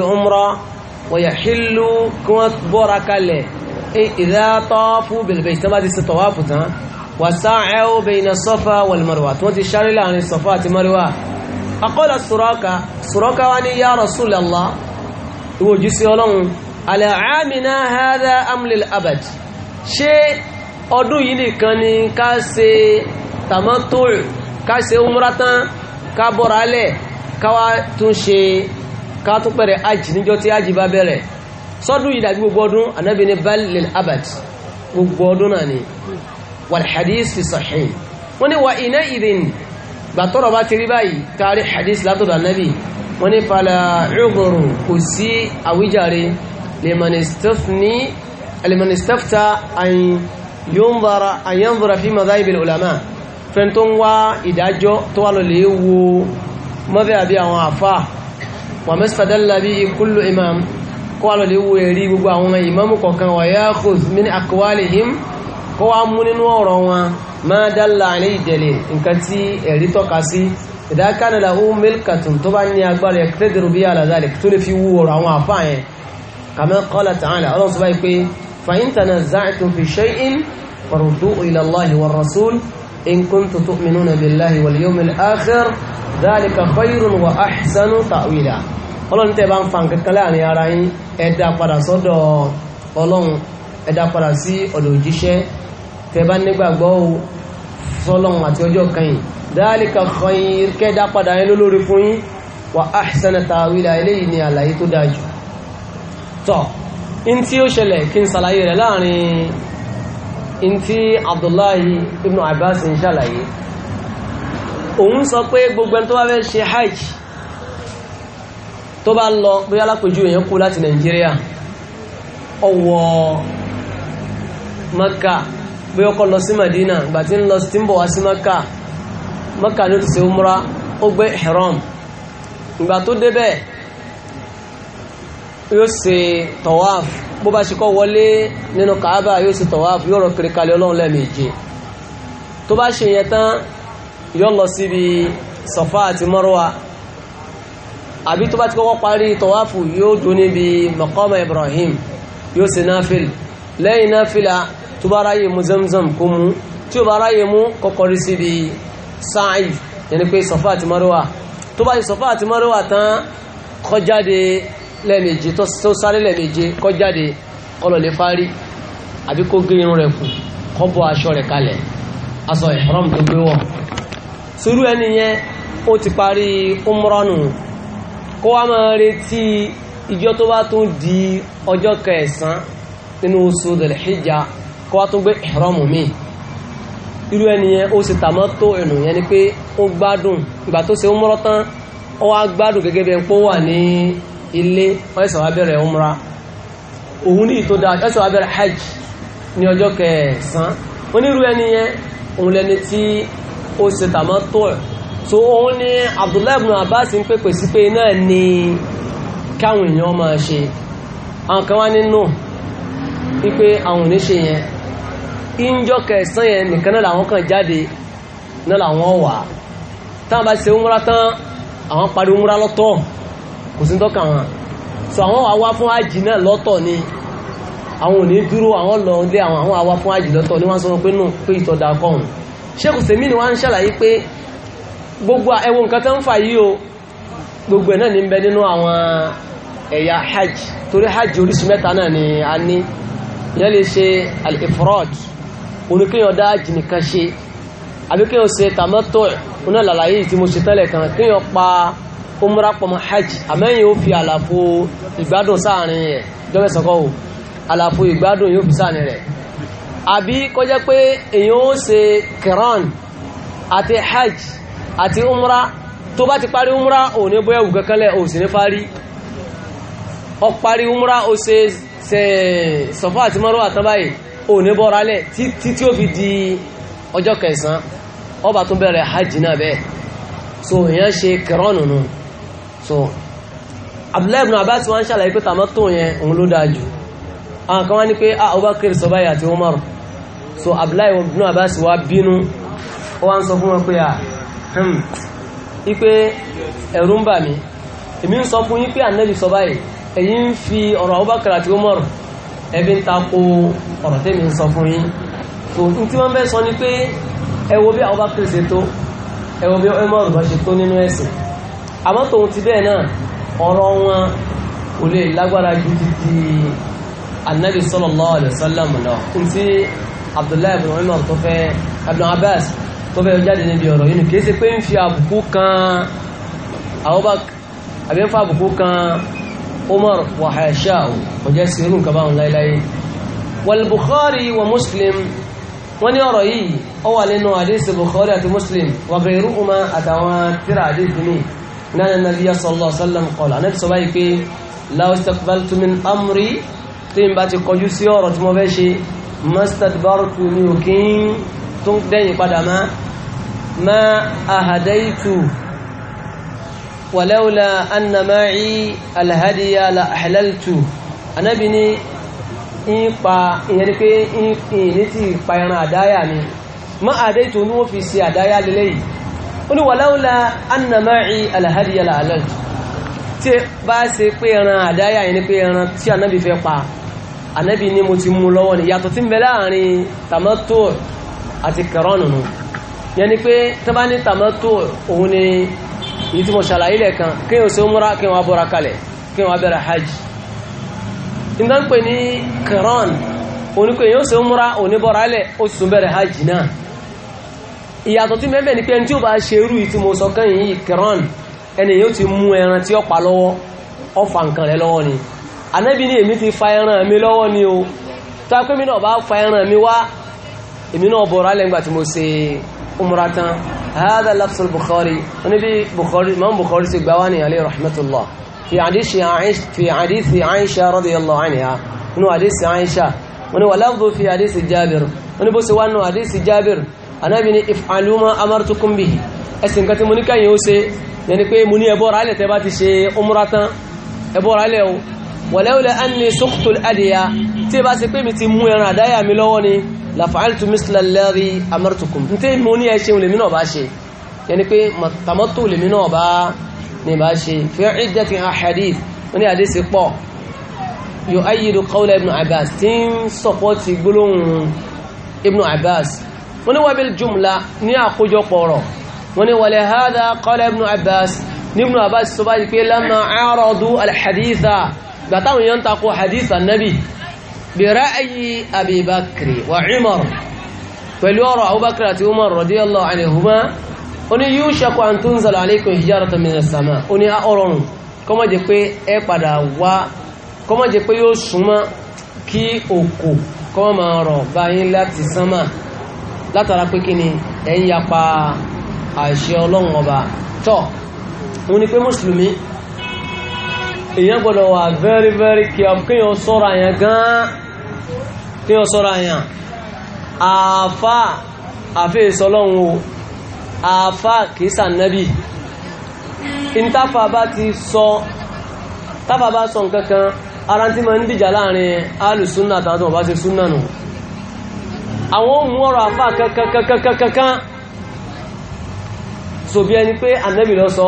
A: وسعوا بين الصفا والمروة وانت شارلا عن الصفا مروة أقول سراقة سراقة واني يا رسول الله وجسي الله على عامنا هذا أم للأبد ṣé ọdún yìí nìkan ni ká ṣe tàmọ́tòrì ká ṣe umra tán ká bọ́ra lẹ̀ ká wá tún ṣe ká tún pẹ̀rẹ̀ ajì níjọ́ tí ajì bá bẹ̀rẹ̀ sọ́dún yìí dàbí gbogbo ọdún ànábì bal lil abad gbogbo ọdún náà ni والحديث في الصحيح وني وإنئذ بطر باتري باي تاري حديث لا تدى النبي وني فلا عبر كسي أو جاري لمن استفني لمن استفتى أن ينظر أن ينظر في مذايب العلماء فانتم وإداجو طوال ليو مذهب وعفا وما استدل به كل إمام قالوا ليو يريبوا وما إمام كوكا ويأخذ من أقوالهم kó wá mú nínú ọ̀rọ̀ wọn ma dalla alayhi dalil nǹkan tí ẹ̀rí tọ́ka sí idha kana lahu milkatun tó bá ní agbára yaqtadiru biha ala dhalik tó lè fi wú ọ̀rọ̀ àwọn àfáà yẹn kama qala ta'ala ọlọ́run sọ báyìí pé fa in tanaza'tum fi shay'in farudduhu ila Allahi war rasul in kuntum tu'minuna billahi wal yawmil akhir dhalika khayrun wa ahsanu ta'wila ọlọ́run tẹ́ bá ń fa nǹkan kan láàrin ara yín ẹ padà sọ́dọ̀ ọlọ́run ẹ̀dá padà sí ọ̀dọ̀ òjíṣẹ́ tẹ bá nígbàgbọ́ sọ́lọ́run àti ọjọ́ kẹyìn dáálíkà kọyìn kẹ́dá padà yẹn lólórí fún yín wà áṣìṣẹ́nà tàwílà eléyìí ni àlàyé tó dáa jù tọ́ in tí ó ṣẹlẹ̀ kí n ṣàlàyé rẹ̀ láàrin in tí Abdullahi ibn Abbas ń ṣàlàyé òun sọ pé gbogbo ẹni tó bá fẹ́ ṣe hajj tó bá lọ bóyá alápèjú èèyàn kú láti Nàìjíríà ọwọ́ maka pé ọkọ̀ lọ sí madina ìgbà tí ń lọ sí tíńbọ̀ wá sí maka maka ló ti ṣe umra ó gbé ihram ìgbà tó débẹ̀ yóò ṣe tawaf bó bá ṣe kọ́ wọlé nínú kaaba yóò ṣe tawaf yóò rọ kiri kalẹ̀ ọlọ́run lẹ́ẹ̀mejì tó bá ṣe yẹn tán yóò lọ síbi safa àti marwa àbí tó bá ti kọ́kọ́ parí tọ́wáfù yóò dún níbi maqama ibrahim yóò ṣe náfìlì lẹ́yìn náà fìlà tó bá ráyè mu zamzam kó mu tí ó bá ráyè mu kọ́kọ́rí sí ibi sáàyì yẹni pé sọ̀fà àti mọ́rọ́wà tó bá yẹ sọ̀fà àti mọ́rọ́wà tán kọjáde lẹ́ẹ̀mejì tó sáré lẹ́ẹ̀mejì kọjáde kọlọ̀ lè fárí àbí kó gé irun rẹ̀ kù kó bọ́ aṣọ rẹ̀ kalẹ̀ aṣọ ìhrọ́m tó gbé wọ̀ sùúrù ẹni yẹn ó ti parí umrọ́nù kó wá máa retí ìjọ tó bá tún di ọjọ́ kẹsàn-án nínú oṣù Dhul-Hijjah kó wá tó gbé ihram mi irú ẹniyẹn ó sì tamattu ẹnu yẹn ni pé ó gbádùn ìgbà tó ṣe umrah tán ó wá gbádùn gẹ́gẹ́ bí ẹnpó wà ní ilé wọ́n ẹ̀sẹ̀ wá bẹ̀rẹ̀ umrah òun ní ìtò dáa ẹ̀sẹ̀ wá bẹ̀rẹ̀ hajj ní ọjọ́ kẹsàn-án onírú ẹniyẹn òun lẹni tí ó ṣe tamattu so òun ni Abdullahi ibn Abbas ń pèpè sí pé náà ni káwọn èèyàn máa ṣe àwọn kan wá nínú wípé àwọn oníṣe yẹn ìjọ kẹsàn yẹn nìkan náà làwọn kan jáde náà làwọn wà táwọn bá ṣe umra tán àwọn parí umra lọ́tọ̀ kò sí tọ́ka wọn so àwọn wà wá fún àjì náà ni àwọn ò dúró àwọn lọ lé àwọn àwọn ni wọ́n sọ pé nù pé ìtọ́da kọ́hùn ṣékù sèmí ni wọ́n ń ṣàlàyé gbogbo ẹwọ nǹkan tó o gbogbo ẹ̀ náà ní bẹ nínú àwọn ẹ̀yà hajj torí hajj oríṣi mẹ́ta ni a yẹn lè ṣe al-ifrad oníkéyàn dá jìnnì kan ṣe àbí kéyàn ṣe tàmọ́tò oní àlàyé tí mo ṣe tẹ́lẹ̀ kan kéyàn pa umra pọ̀mọ́ hajj àmẹ́yìn ó fi àlàfo ìgbádùn sáàrin rẹ̀ jọ́mẹ́sọ̀kọ́ o àlàfo ìgbádùn yóò fi sáàrin rẹ̀ àbí kọjá pé èyàn ó ṣe kiran àti hajj àti umra tó bá ti parí umra ò ní bóyá ògùn kankanlẹ̀ ò sì ní fárí ọ parí umra ó ṣe ṣe sọ̀fà àti mọ́rọ́wà tán báyìí ò ní bọ́ra lẹ̀ títí tí ó fi di ọjọ́ kẹsàn ọba tún bẹ̀rẹ̀ hajj náà bẹ́ẹ̀ so èèyàn ṣe kẹrọ́nù nù so Abdullahi ibn Abbas wọn ń ṣàlàyé pé tàmọ́ tó yẹn òun ló dáa jù àwọn kan wá ní pé ah, Abubakar sọ báyìí àti Umar so Abdullahi ibn Abbas wá bínú ó wá ń sọ fún wọn pé à ah, hmm, ipe ẹ̀rù ń bà mí èmi ń sọ fún yín pé Ànábì sọ báyìí èyí ń fi ọ̀rọ̀ Abubakar àti Umar ẹbí ń tako ọ̀rọ̀ tẹ́mi ń sọ fún yín tó ní tí wọ́n fẹ́ sọ ni pé ẹ wo bí Abubakar ṣe tó ẹ wo bí Umar bá ṣe tó nínú ẹ̀sìn àmọ́ tòun ti bẹ́ẹ̀ náà ọ̀rọ̀ wọn kò lè lágbára ju ti di anabi sallallahu alaihi wasallam náà ntí Abdullahi ibn Umar tó fẹ́ Ibn Abbas tó fẹ́ jáde níbi ọ̀rọ̀ yìí nù kì í ṣe pé ń fi àbùkù kan Abubakar àbí ń fa àbùkù kan umar wa haṣáù kò jẹ́ sí irú nǹkan báwọn láíláí wal-bukhari wa muslim wọ́n ní ọ̀rọ̀ yìí ó wà nínú àdísì bukhari àti muslim wa ghayruhuma àtàwọn tíra àdísì ní náà nabiyya sallallahu alaihi wasallam qala anábì sọ báyìí pé law amri tí n bá ti kọjú sí ọ̀rọ̀ tí mo fẹ́ ṣe mastadbartu mi ò kí n tó dẹ́yìn padà má ma ahadaitu ولولا anna معي alhadiya la ahlaltu anabi ni in pa ìyẹn ni pé in ní ti pa ẹran àdáyà mi ma àdé tó ní wọ́n fi ṣe àdáyà lélẹ̀ yìí ó ní walaula anna ma'i alhadiya la ahlaltu tí bá ṣe pé ẹran àdáyà yìí ni pé ẹran anabi fẹ́ pa anabi ni mo ti mú lọ́wọ́ ni yàtọ̀ tí ń bẹ láàrin tamattu àti kẹrọ́nù nù yẹn ni pé ni èyí tí mo ṣàlàyé lẹ́ẹ̀kan kí o ṣe múra kí wọ́n bọ́ra kalẹ̀ kí wọ́n bẹ̀rẹ̀ hajj nígbà ń pè ní kẹrọ́n onípe yóò ṣe múra oníbọ̀ra lẹ̀ ó sì bẹ̀rẹ̀ hajj náà ìyàtọ̀ tí mẹ́bẹ̀ ni pé ẹni tí ó bá ṣe irú tí mo sọ kẹ́yìn yìí kẹrọ́n ẹni yóò ti mú ẹran tí ó pa lọ́wọ́ ó fa nǹkan rẹ̀ lọ́wọ́ ni anábì ni èmi ti fa ẹran mi lọ́wọ́ ni o tó a pé mi náà bá fa ẹran mi wá èmi náà bọ̀ra lẹ́ngbà tí mo ṣe umra tán hada lafsul bukhari oníbi bukhari imam bukhari ti gbáwá ní alẹ́ rahmatullah fi àdísì àìṣà radiyallahu anha inú àdísì àìṣà wani wà lafdu fi àdísì jabir wani bó ṣe wá nù àdísì jabir anábi ni if'aluma amartukum bihi ẹsìn kan tí mo ní káyìn ó ṣe yẹni pé mo ní ẹbọ́ra alẹ́ tẹ́ bá ti ṣe umra tán ẹbọ́ra alẹ́ o wọ̀lẹ́wọ̀lẹ́ a ní sọ́kùtùl adìyà tí bá ṣe pé mi ti mú ẹran àdáyà mi lọ́wọ́ ni lafa'altu misla alladhi amartukum n tí mo ní ẹṣin lèmi náà bá ṣe yẹni pé tamattu lèmi náà bá ní bá ṣe fi iddati ahadith wọ́n ní àdé sí pọ̀ yóò ayyidu qawla ibn abbas tí ń sọ̀pọ̀ ti gbólóhùn ibn abbas wọ́n ní wabil jumla ní àkójọpọ̀ ọ̀rọ̀ wọ́n ní wàlẹ̀ hadha qala ibn abbas ní ibn abbas sọ bá ti pé lamma aradu alhaditha gbàtàwọn èèyàn takò hadith annabi bi ra'ayi abibakiri wa umar pẹ̀lú ọ̀rọ̀ abubakar àti umar radiyallahu anihuma ó ní yushku an tunzala alaykum hijaratan minas sama ó ní ọ̀rọ̀rùn kọ́mọ̀ jẹ́ pé ẹ padà wá kọ́mọ̀ jẹ́ pé yóò súnmọ́ kí òkò kọ́mọ̀ máa rọ̀ báyìí láti sánmà látara pé kí ni ẹ̀ yapa àṣẹ ọlọ́run ọba tọ́ òun ni pé mùsùlùmí èyàn gbọ́dọ̀ wà very very careful kíyàn sọ́ra àyàn gan kíyàn sọ́ra àyàn àfá àfẹ́ ìsọlọ́run o àfá kìí sànẹ́bì ìntàfà bá ti sọ tàfà bá sọ nkankan ara tí ma ń dìjà láàrin alùsúnnà àtàwọn bá ti súnnà nù àwọn mú ọ̀rọ̀ àfá kankankankankan so bí ẹni pé ànẹ́bì lọ sọ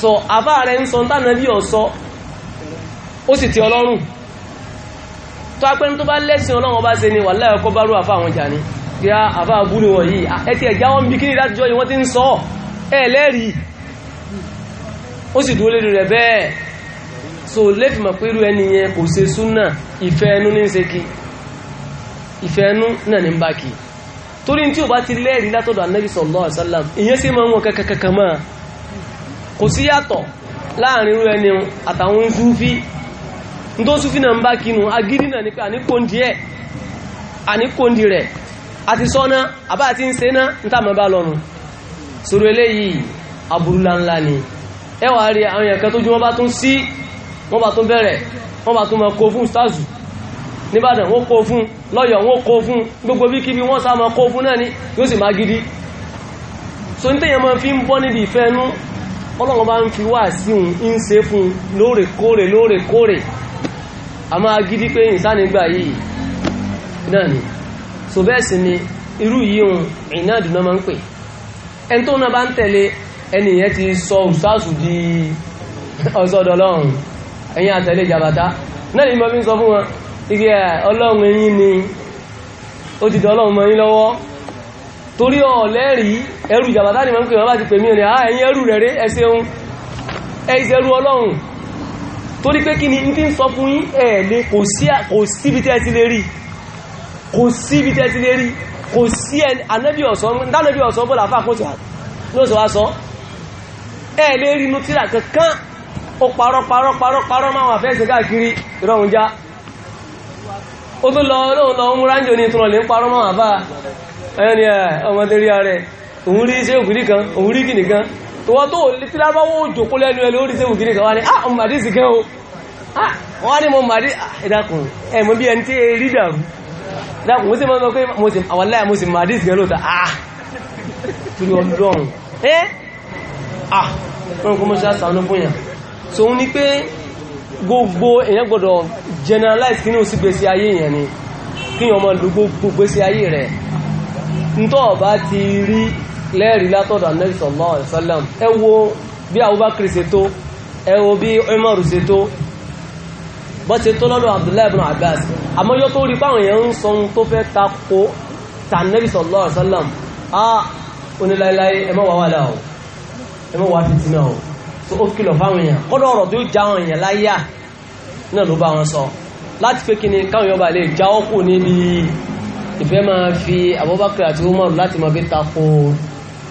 A: so àfá rẹ̀ ń sọ tánàbí ọ̀sọ́ ó sì ti ọlọ́rùn tó apẹ́ tó bá lẹ́sìn ọlọ́run bá ṣe ni wà láyọ̀kọ́ bá rú àfá àwọn jà ní kí á àfá àbúrò wọ̀ yìí ẹ ti ẹ̀já wọn bí kí ní yìí wọ́n ti ń sọ so lẹ́fì pé irú ẹni yẹn kò ṣe súnà ìfẹ́ ẹnu ní ṣe kí ìfẹ́ ẹnu náà ní ń bá kí torí tí ò kò sí yàtọ̀ láàrin irú ẹni àtàwọn súfí tó súfí náà ń bá kínú agídí náà ní pé àníkóndì ẹ̀ àníkóndì rẹ̀ àti sọ́nà àbá àti ń sẹ́nà ń tàmà bá lọ́nu sọ̀rọ̀ eléyìí aburúlá ńlá ni ẹwà rí àwọn èèyàn kan tó jú wọ́n bá tún sí wọ́n bá tún bẹ̀rẹ̀ wọ́n bá tún mọ kó fún stázù níbàdàn wọ́n kó fún lọ́yọ̀ wọ́n kó fún gbogbo bí kíbi wọ́n sá mọ kó fún náà ni yóò sì má gidi so ní tẹ́yàn máa fi ń bọ́ níbi ìfẹ́ nú ọlọ́run bá ń fi wá sí òun ń ṣe fún lóòrèkóòrè lóòrèkóòrè a máa gidi pé ìsánigbà yìí náà ni so bẹ́ẹ̀ sì ni irú yìí òun ìná ìdùnnà máa ń pè ẹni tó náà bá ń tẹ̀lé ẹnìyẹn ti sọ òṣàṣù di ọsọdọ ọlọ́run ẹ̀yìn àtẹ̀lé ìjàbàtá náà ni mo fi ń sọ fún wọn igi ọlọ́run ẹ̀yìn ni ó ti dọ́ mọ́ yín lọ́wọ́ torí ọ̀lẹ́rí ẹrù ìjàbátá ni wọ́n ń pè wọ́n bá ti pè mí ọ̀nà ah, ẹ̀yìn ẹrù rẹ̀ rẹ̀ ẹ̀ṣẹ̀un ẹ̀ṣẹ̀ ọlọ́run torí pé kí ni n tí ń sọ fún yín ẹ̀ẹ̀lẹ́ kò síbi tẹ́ ti lè rí kò síbi tẹ́ ti lè rí kò sí anábì ọ̀sán bọ́lá fà kó lóòsọ̀ wá sọ ẹ̀ẹ̀lẹ́ rí inú tíra kankan ó parọ́ parọ́ parọ́ parọ́ máa wà fẹ́ẹ̀sẹ̀ káàkiri ìrọ̀hùn já ó tún lọ lóòrùn lọ ń múra ń jò ní ìtúnlọ̀ lè ń parọ́ máa wà ẹni ọmọdé rí ààrẹ òun rí ṣe ògìrí kan òun rí kìnnì kan tó wọ́n tó tí lábáwọ́ òjòkó lẹ́nu ẹ̀ lórí ṣe ògìrí kan wá ní ah màdí sì gan o ah, wọ́n ní mo màdí ìdákùn ah, ẹ̀ mọ́ bí ẹni tí rí dàrú ìdákùn mo sì mọ́ pé mo sì àwàláyà mo sì màdí sì gan ah torí ọdún ẹ́ ah wọ́n so ní pé gbogbo èèyàn gbọ́dọ̀ generalize kí ní òsì gbèsè ayé yẹn ni kí yàn ọmọ lò gbogbo gbèsè ayé rẹ̀ ntọ́ ọba ti rí lẹ́rìí látọ̀dọ̀ anabi sallallahu alaihi wasallam ẹ wo bí abubakar ṣe tó ẹ wo bí umar ṣe tó bọ́ ṣe tó lọ́dọ̀ abdullahi ibn abbas àmọ́ yóò tó rí páwọn èèyàn ń sọ ohun tó fẹ́ ta ko ta anabi sallallahu alaihi wasallam á oníláíláí ẹ má wà wà láà o ẹ má wà fìtínà o tó ó kìlọ̀ fáwọn èèyàn kọ́dọ̀ ọ̀rọ̀ tó já àwọn èèyàn láyà náà ló bá wọn sọ láti pé kí ni káwọn èèyàn bá lè já ọ́ kù níbi ìfẹ́ máa fi Abubakar àti Umar láti máa fi tako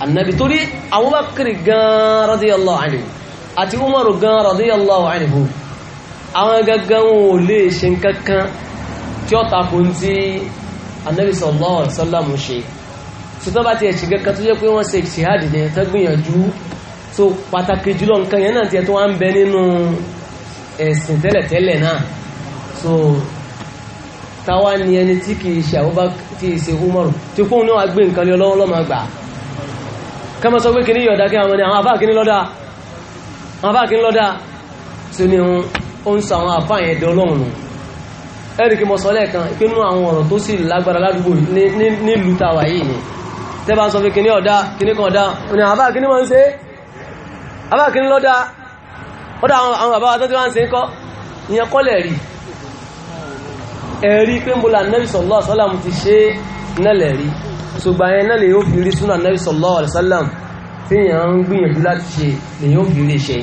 A: anabi torí Abubakar gan radiyallahu anhu àti Umar gan radiyallahu anhu àwọn gangan wọn ò lè ṣe kankan tí ó tako ti anabi sallallahu alaihi wasallam ṣe ṣùgbọ́n bá ti ẹ̀ ṣe kankan tó jẹ́ pé wọ́n ṣe ìṣèhádìí ni tó gbìyànjú so pàtàkì jùlọ nǹkan yẹn náà tiẹ̀ tó wá ń bẹ nínú ẹ̀sìn tẹ́lẹ̀tẹ́lẹ̀ náà táwa ni ẹni tí kìí ṣe àwọ́bá tí ì ṣe umaru tí kún ní wà nǹkan lé ọlọ́wọ́ lọ́mọ gbà kama sọ pé kìí yọ̀dá kí àwọn ni àwọn àfáà kìí lọ́dá àwọn àfáà kìí lọ́dá tí ni ó ń sọ àwọn àfáà yẹn dọ́lọ́run ẹ̀rìkì mọ̀ sọ́lẹ̀ kan pé nú àwọn ni tẹ́ bá sọ pé ni àfáà kìí mọ̀ ń ṣe àfáà kìí lọ́dá ọ̀dá àwọn bàbá wa tó ti wá ìyẹn kọ́lẹ̀ rí ẹ̀rí pé ń bọ́lá nẹ́bí sọ̀lọ́ àṣálàmù ti ṣe nẹ́lẹ̀ rí ṣùgbà yẹn náà lè yóò fi rí súnà nẹ́bí sọ̀lọ́ àṣálàmù tí èèyàn ń gbìyànjú láti ṣe lè yóò fi rí ṣe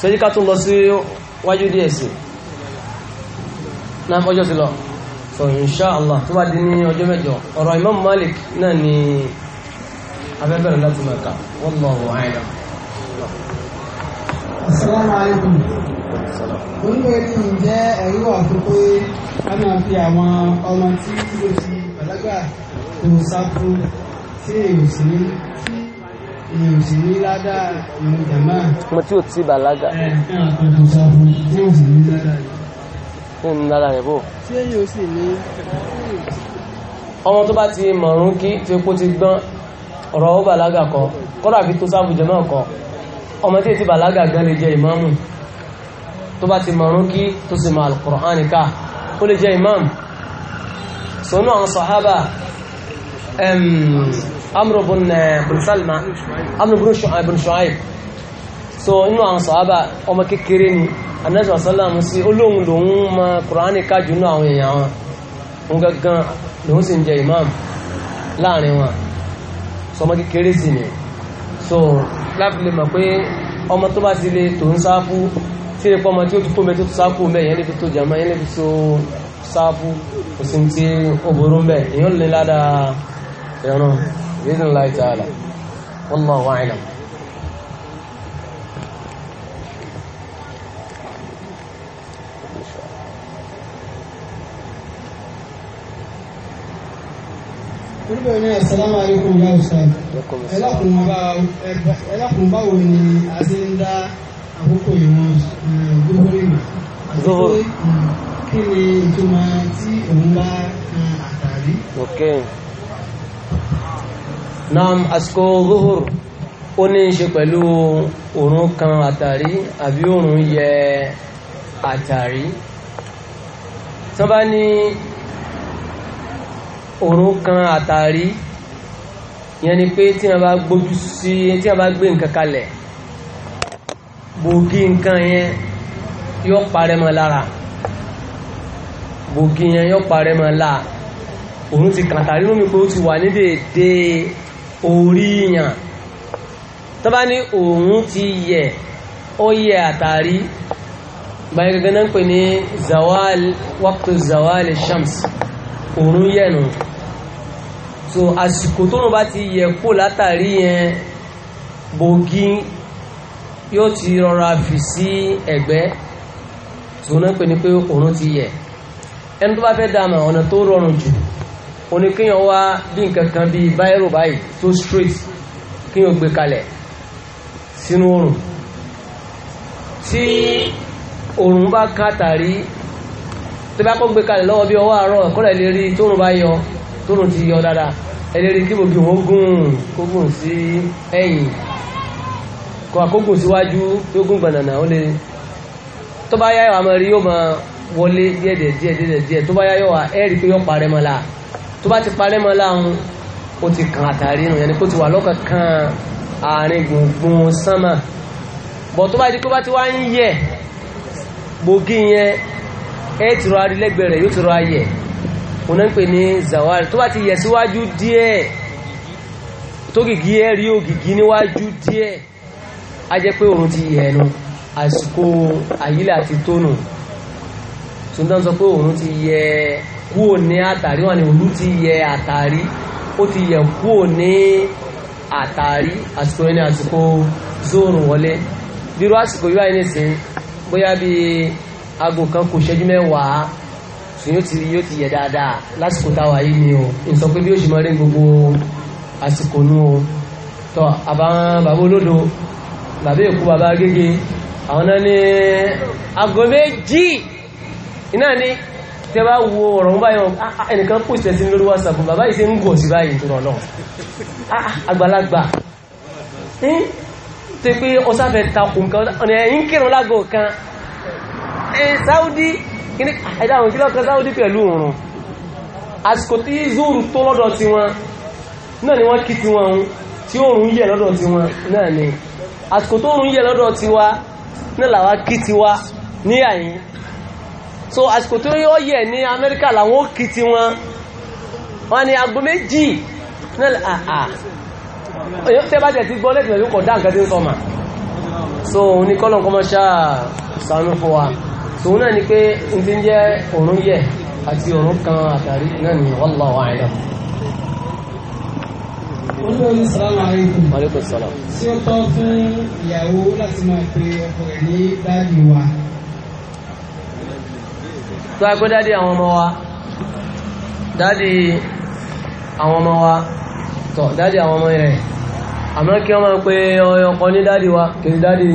A: ṣẹ́jú ká tún lọ sí wájú díẹ̀ sí náà ọjọ́ ti lọ sọ insha Allah tó bá di ní ọjọ́ mẹ́jọ ọ̀rọ̀ Imam Malik náà ni abẹ́bẹ̀rẹ̀ láti mẹ́ka wallahu a'lam. Assalamu alaikum onígbà tí ń jẹ́ ẹ̀rí wà fún pé a máa fi àwọn ọmọ tí ó ti bàlágà kò sáfù tí èèyàn sì ní èèyàn sì ní ládàá ìrìn jàmá. ọmọ tí ò ti bàlágà. ẹ ẹ kò sáfù tí ò sì ní ládàá rẹ. kí ni ládàá rẹ bò. tí èèyàn sì ní. ọmọ tó bá ti mọ̀rún kí tí epo ti gbọ́n ọ̀rọ̀ ó bàlágà kọ kọ́dà fi tó sáfù jẹ́ náà kọ ọmọ tí èyí ti bàlágà gan lè jẹ ìmáàmù tó bá ti mọ̀rún kí tó sì mọ̀ alkùránì ká ó lè jẹ́ imam sọ́nà àwọn sọ̀hábà amrobin bulsalma amrobin shu'aib so inú àwọn sọ̀hábà ọmọ kékeré ni anẹ́sọ̀ sọ́lámù sí olóhun lòun mọ̀ kùránì ká jù náà àwọn èèyàn wọn ni so láti lè mọ̀ pé ọmọ tó bá ti lè tòun sáfú tí ẹ pọ́ ọmọ tí ó ti kó mẹ́ tó tó sáàpù mẹ́ yẹn lè fi tó jàmá yẹn lè fi tó sáàpù kò sí tí ó burú mẹ́ èyàn lè ládàá ẹran ìdí ńlá ìta àlà wallahu a'lam. orúkọ ìrìn àṣàlámà ayékùnrin yàrá ọ̀sán ẹlọ́kùnrin báwo ni a ti ń dá àkókò ìwọ̀n eh, gbogbo ìmọ̀ àti pé hmm, kí ni ìtumọ̀ tí òun bá eh, àtàrí. naam àsìkò zuhur ó ní í ṣe pẹ̀lú òórùn kan atari. Abi òórùn yẹ atari. tí wọ́n bá ní òórùn kan atari. yẹn ni pé tí wọ́n bá gbójú sí tí wọ́n bá gbé nǹkan kalẹ̀ bògì nǹkan yẹn yóò parẹ́ mọ́ lára bògì yẹn yóò parẹ́ mọ́ láà òun ti kàtà rírùn mi pé ó ti wà ní dèdè orí yàn tó bá ní òun ti yẹ ó yẹ àtàrí báyìí gẹ́gẹ́ náà ń pè ní zawal waqtu zawal shams òun yẹnu so àsìkò tóun bá ti yẹ kó látàrí yẹn bògì yóò ti rọra fi sí ẹ̀gbẹ́ tó náà pè ní pé òun ti yẹ ẹni tó bá fẹ́ dàmà ọ̀nà tó rọrùn jù oníkéyàn wá bí nǹkan kan bíi báírò báyìí tó straight kéyàn gbé kalẹ̀ sínú oòrùn tí oòrùn bá ká tàrí tó bá kó gbé kalẹ̀ lọ́wọ́ bí ọwọ́ àárọ̀ kọ́lẹ̀ lè rí tóòrùn bá yọ tóòrùn ti yọ dáadáa ẹ lè rí kí gbogbo òun gùn kó gùn sí ẹ̀yìn kọ àkókò síwájú tó gún gbànànà ó lè tó bá yá àmọ́ rí yóò máa wọlé díẹ̀díẹ̀ díẹ̀díẹ̀ díẹ̀ tó bá yá yóò wà ẹ́rì pé yóò parẹ́ mọ́ la tó bá ti parẹ́ mọ́ láhùn ó ti kàn àtàrí nù yẹn kó ti wà lọ́kàn kan àárín gbùngbùn sánmà bọ̀ tó bá di kó bá ti wá ń yẹ gbòógì yẹn ẹ ti rọ arílẹ́gbẹ̀ẹ́ rẹ̀ yóò ti rọ ayẹ̀ òun náà ń pè ní zawari tó bá ti yẹ síwájú díẹ̀ tó gìgí ẹ rí ògìgí níwájú díẹ̀ a jẹ́ pé òun ti yẹ̀ ẹnu àsìkò àyílẹ̀ àti tónù tó ń dán sọ pé òun ti yẹ kúò ní àtàrí wọn ni olú ti yẹ àtàrí ó ti yẹ kúò ní àtàrí àsìkò yẹn ní àsìkò zóòrùn wọlé bírú àsìkò yóò àyè nìsín bóyá bí aago kan kò ṣẹ́jú mẹ́wàá tún yóò ti yóò ti yẹ dáadáa lásìkò táwa yìí ni o n sọ pé bí ó ṣe gbogbo àsìkò nù o tọ àbá bàbá olódo bàbá èkó bàbá gègé àwọn náà ní aago méjì iná ní tẹ bá wo ọ̀rọ̀ wọn báyìí ah, ah, ẹnìkan pòsì ẹ̀sìn lórí whatsapp bàbá yìí ṣe ń gọ̀ sí báyìí tó rọ̀ náà àgbàlagbà tẹ pé ọsáfẹ́ takùn kan ọ̀nà ẹ̀yìn kírun lágò kan ẹ̀ sáúdí kíní ẹ̀dá àwọn kílọ̀ kan sáúdí pẹ̀lú òrùn àsìkò tí zúrù tó lọ́dọ̀ tiwọn náà ni wọ́n kí tiwọn tí òrùn yẹ̀ lọ́dọ̀ tiwọn náà ni àsìkò tó rùn yẹ lọ́dọ̀ tiwa ní làwa kí tiwa ní àyín so àsìkò tó yọ yẹ ní amẹ́ríkà làwọn ó kí tiwọn wọ́n ní aago méjì nílẹ̀ àà tẹ́ bá jẹ̀ ti gbọ́ lẹ́tìlẹ̀ yóò kọ̀ dá nǹkan tí ń sọ mà so òun ni kọ́lọ̀ kọ́mọ ṣáà sànú fún wa so òun náà ni pé n ti ń jẹ́ òórùn yẹ olórí sàlámù aleykum. aleykum sàlám. tí ó tọ́ fún ìyàwó láti máa pe ọkọ rẹ̀ ní dáàdì wa. tó a gbé dáàdì àwọn ọmọ wa dáàdì àwọn ọmọ wa tọ̀ dáàdì àwọn ọmọ rẹ̀ àmọ́ kí wọ́n máa pe ọkọ ní dáàdì wa kì í dáàdì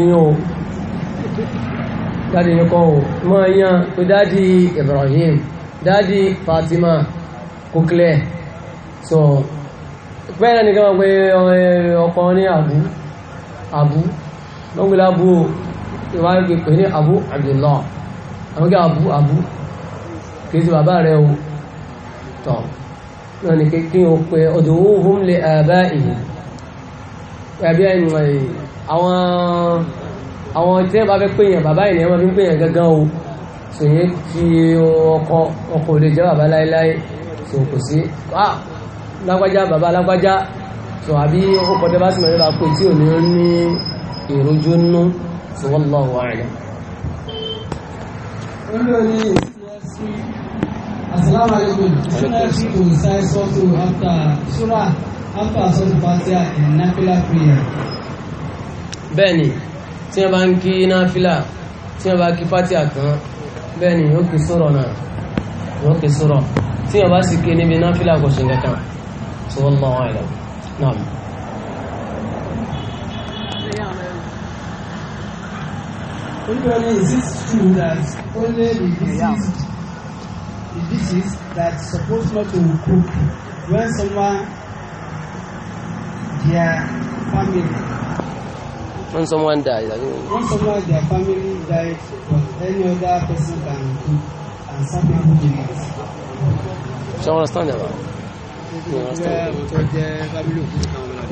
A: Ibrahim dáàdì Fatima kókílẹ̀ So, pẹ́ẹ̀rẹ́ nìkan wọ́n pé ọkọ̀ ní àbú àbú wọ́n pè lábú ìwà ìgbè pè ní àbú Abdullah àwọn kí àbú àbú kìí sí bàbá rẹ̀ o tọ̀ wọ́n ni kí o pé ọdún ohun lè àbá ìlú ẹbí ẹni àwọn àwọn tí wọ́n bá fẹ́ pèyàn bàbá ìlú wọ́n fi ń pèyàn gangan o sòyẹ́ ti ọkọ̀ ọkọ̀ lè jẹ́ bàbá láéláé sòkò ah lágbájá bàbá lágbájá so àbí ó kọjá bá sì mọ̀ nípa pé tí ò ní ní èròjú nú so wallahu a'lam. olórí csc
B: asalaamualeykum sunday to
A: recite surah after sọ́tò fatia and nafila prayer. bẹ́ẹ̀ni tí wọ́n bá ń kí nafila tí wọ́n bá kí fatia kan bẹ́ẹ̀ni ó kì í sọ̀rọ̀ náà ó kì í tí wọ́n bá sì ké níbi nafila kò ṣe nǹkan kan so wallahu a'lam naam. Olúwẹ̀rẹ̀ is it true that only the deceased the deceased that supposed not to cook when someone their family when someone dies. when someone, their family dies, but any other person can do, and some people do not. Do you understand that?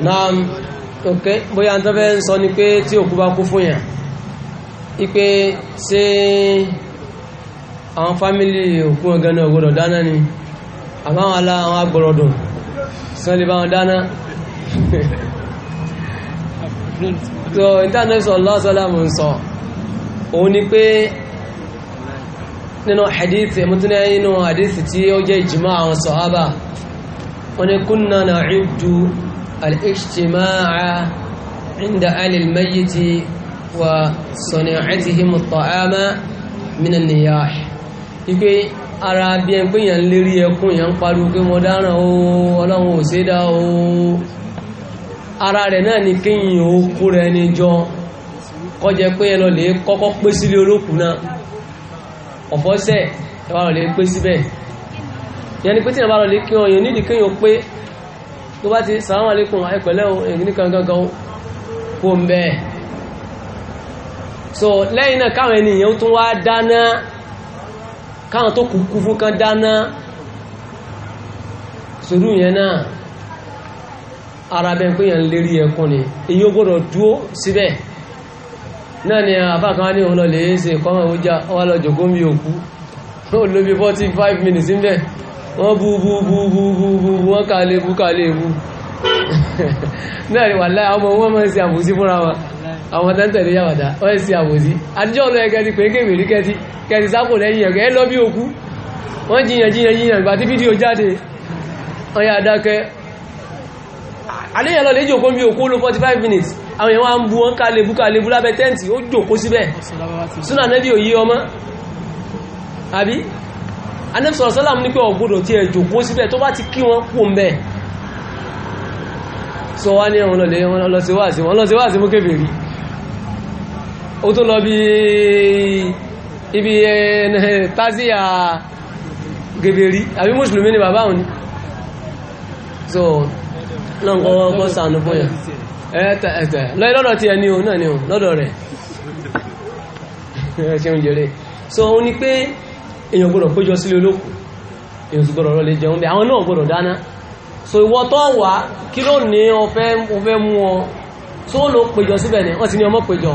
A: náà ok bóyá tó fẹ́ ń sọ ni pé tí òkú bá kú fún yàn ipe ṣé àwọn fámílì òkú ọ̀gán náà gbọ́dọ̀ dáná ni àbáwọn alá àwọn agbọ̀rọ̀dùn sán lè báwọn dáná so international allah salamu ń sọ òun ni pé nínú hadith ẹ̀mọ́tún nínú hadith tí ó jẹ́ ìjìmọ́ àwọn sọ̀hábà ونكنا نعد الاجتماع عند أهل الميت وصناعتهم الطعام من النياح ipe ara bí ẹn pé yàn lérí ẹkún yàn ń pariwo pé mo dáràn o ọlọ́run ò o ara rẹ̀ náà ni kéyìn ó kó rẹ̀ ní kọjẹ pé ẹlọ lè kọ́kọ́ pé sílé olókùn náà ọ̀fọ́sẹ̀ ẹwà lọ lè pé síbẹ̀ yẹn ni pé tí ìyàn bá lọ lè kí wọn yẹn nídìí kí wọn pé tó bá ti sàlámù alékùn àìpẹ̀lẹ́ òyìn kankankan kò ń bẹ́ẹ̀ so lẹ́yìn náà káwọn ènìyàn tún wá dáná káwọn tó kúkú fún kan dáná sòrú yẹn náà ara bẹ́ẹ̀ pé yẹn lérí ẹkùn ni èyí ó gbọ́dọ̀ dúó síbẹ̀ náà ni àfáàkan ní òun lọ lè ṣe kọ́mọ̀ ó já lọ jòkó mi òkú ó 45 minutes níbẹ̀ wọ́n bú bú bú bú bú bú wọ́n ká lè bú ká lè bú náà ni wà láì ọmọ wọn máa ń ṣe àbòsí fúnra wọn àwọn tẹ́ntẹ̀lé yàwàdá wọ́n ń ṣe àbòsí àtijọ́ ọ̀nà ẹ̀kẹ́ ti pè é kéwèrí sápò lẹ́yìn ẹ̀kẹ́ lọ Ànábì sallallahu alaihi wasallam ní pé ọ̀gbọ́dọ̀ tí ẹ jòkó síbẹ̀ tó bá ti kí wọn kú mbẹ̀ sọ wá ní ẹ̀wọ̀n lọ́lẹ̀ wọn lọ sí wáàsí wọn lọ sí mú kébè rí ó tó lọ bí ibi tásíyà gèbè rí àbí mùsùlùmí ni bàbá òun so náà kọ́ kọ́ sànù fún yà ẹ̀ẹ́tẹ̀ lọ́dọ̀ tí ẹ ní o náà ní o lọ́dọ̀ rẹ̀ ṣeun jẹ́rẹ̀ so ó ní pé èyàn gbọ́dọ̀ péjọ sílé olókù èyàn gbọ́dọ̀ lọ lè jẹun bẹ àwọn náà gbọ́dọ̀ dáná so ìwọ tó wà kí ló ní ọfẹ́ ọfẹ́ mú ọ tó ló péjọ síbẹ̀ ní wọ́n ti ní ọmọ péjọ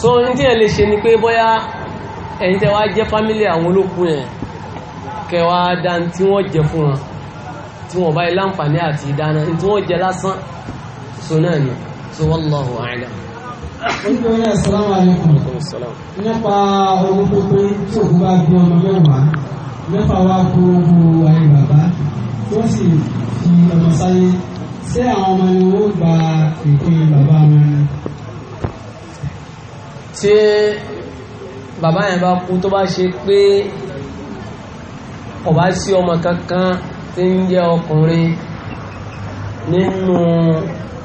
A: so ní tí ẹ lè ṣe ni pé bóyá ẹ̀yin tẹ́ wá jẹ́ fámílì àwọn olókù yẹn kẹ́ wá dá tí wọ́n jẹ fún wọn tí wọ́n bá yẹ láǹfààní àti ìdáná tí wọ́n jẹ lásán so náà ni so wallahu a'lam onídọ̀rí assalamu alaikum nípa ọdún pínpín tí òkú bá gbé ọmọ mẹ́wàá mẹ́fà wá kó owó ayé bàbá tó sì fi ọmọ sáyé ṣé àwọn ọmọ ni wọ́n gba ìpín bàbá wọn ni. tí bàbá yẹn bá kú tó bá ṣe pé kò sí ọmọ kankan tí ń jẹ́ ọkùnrin nínú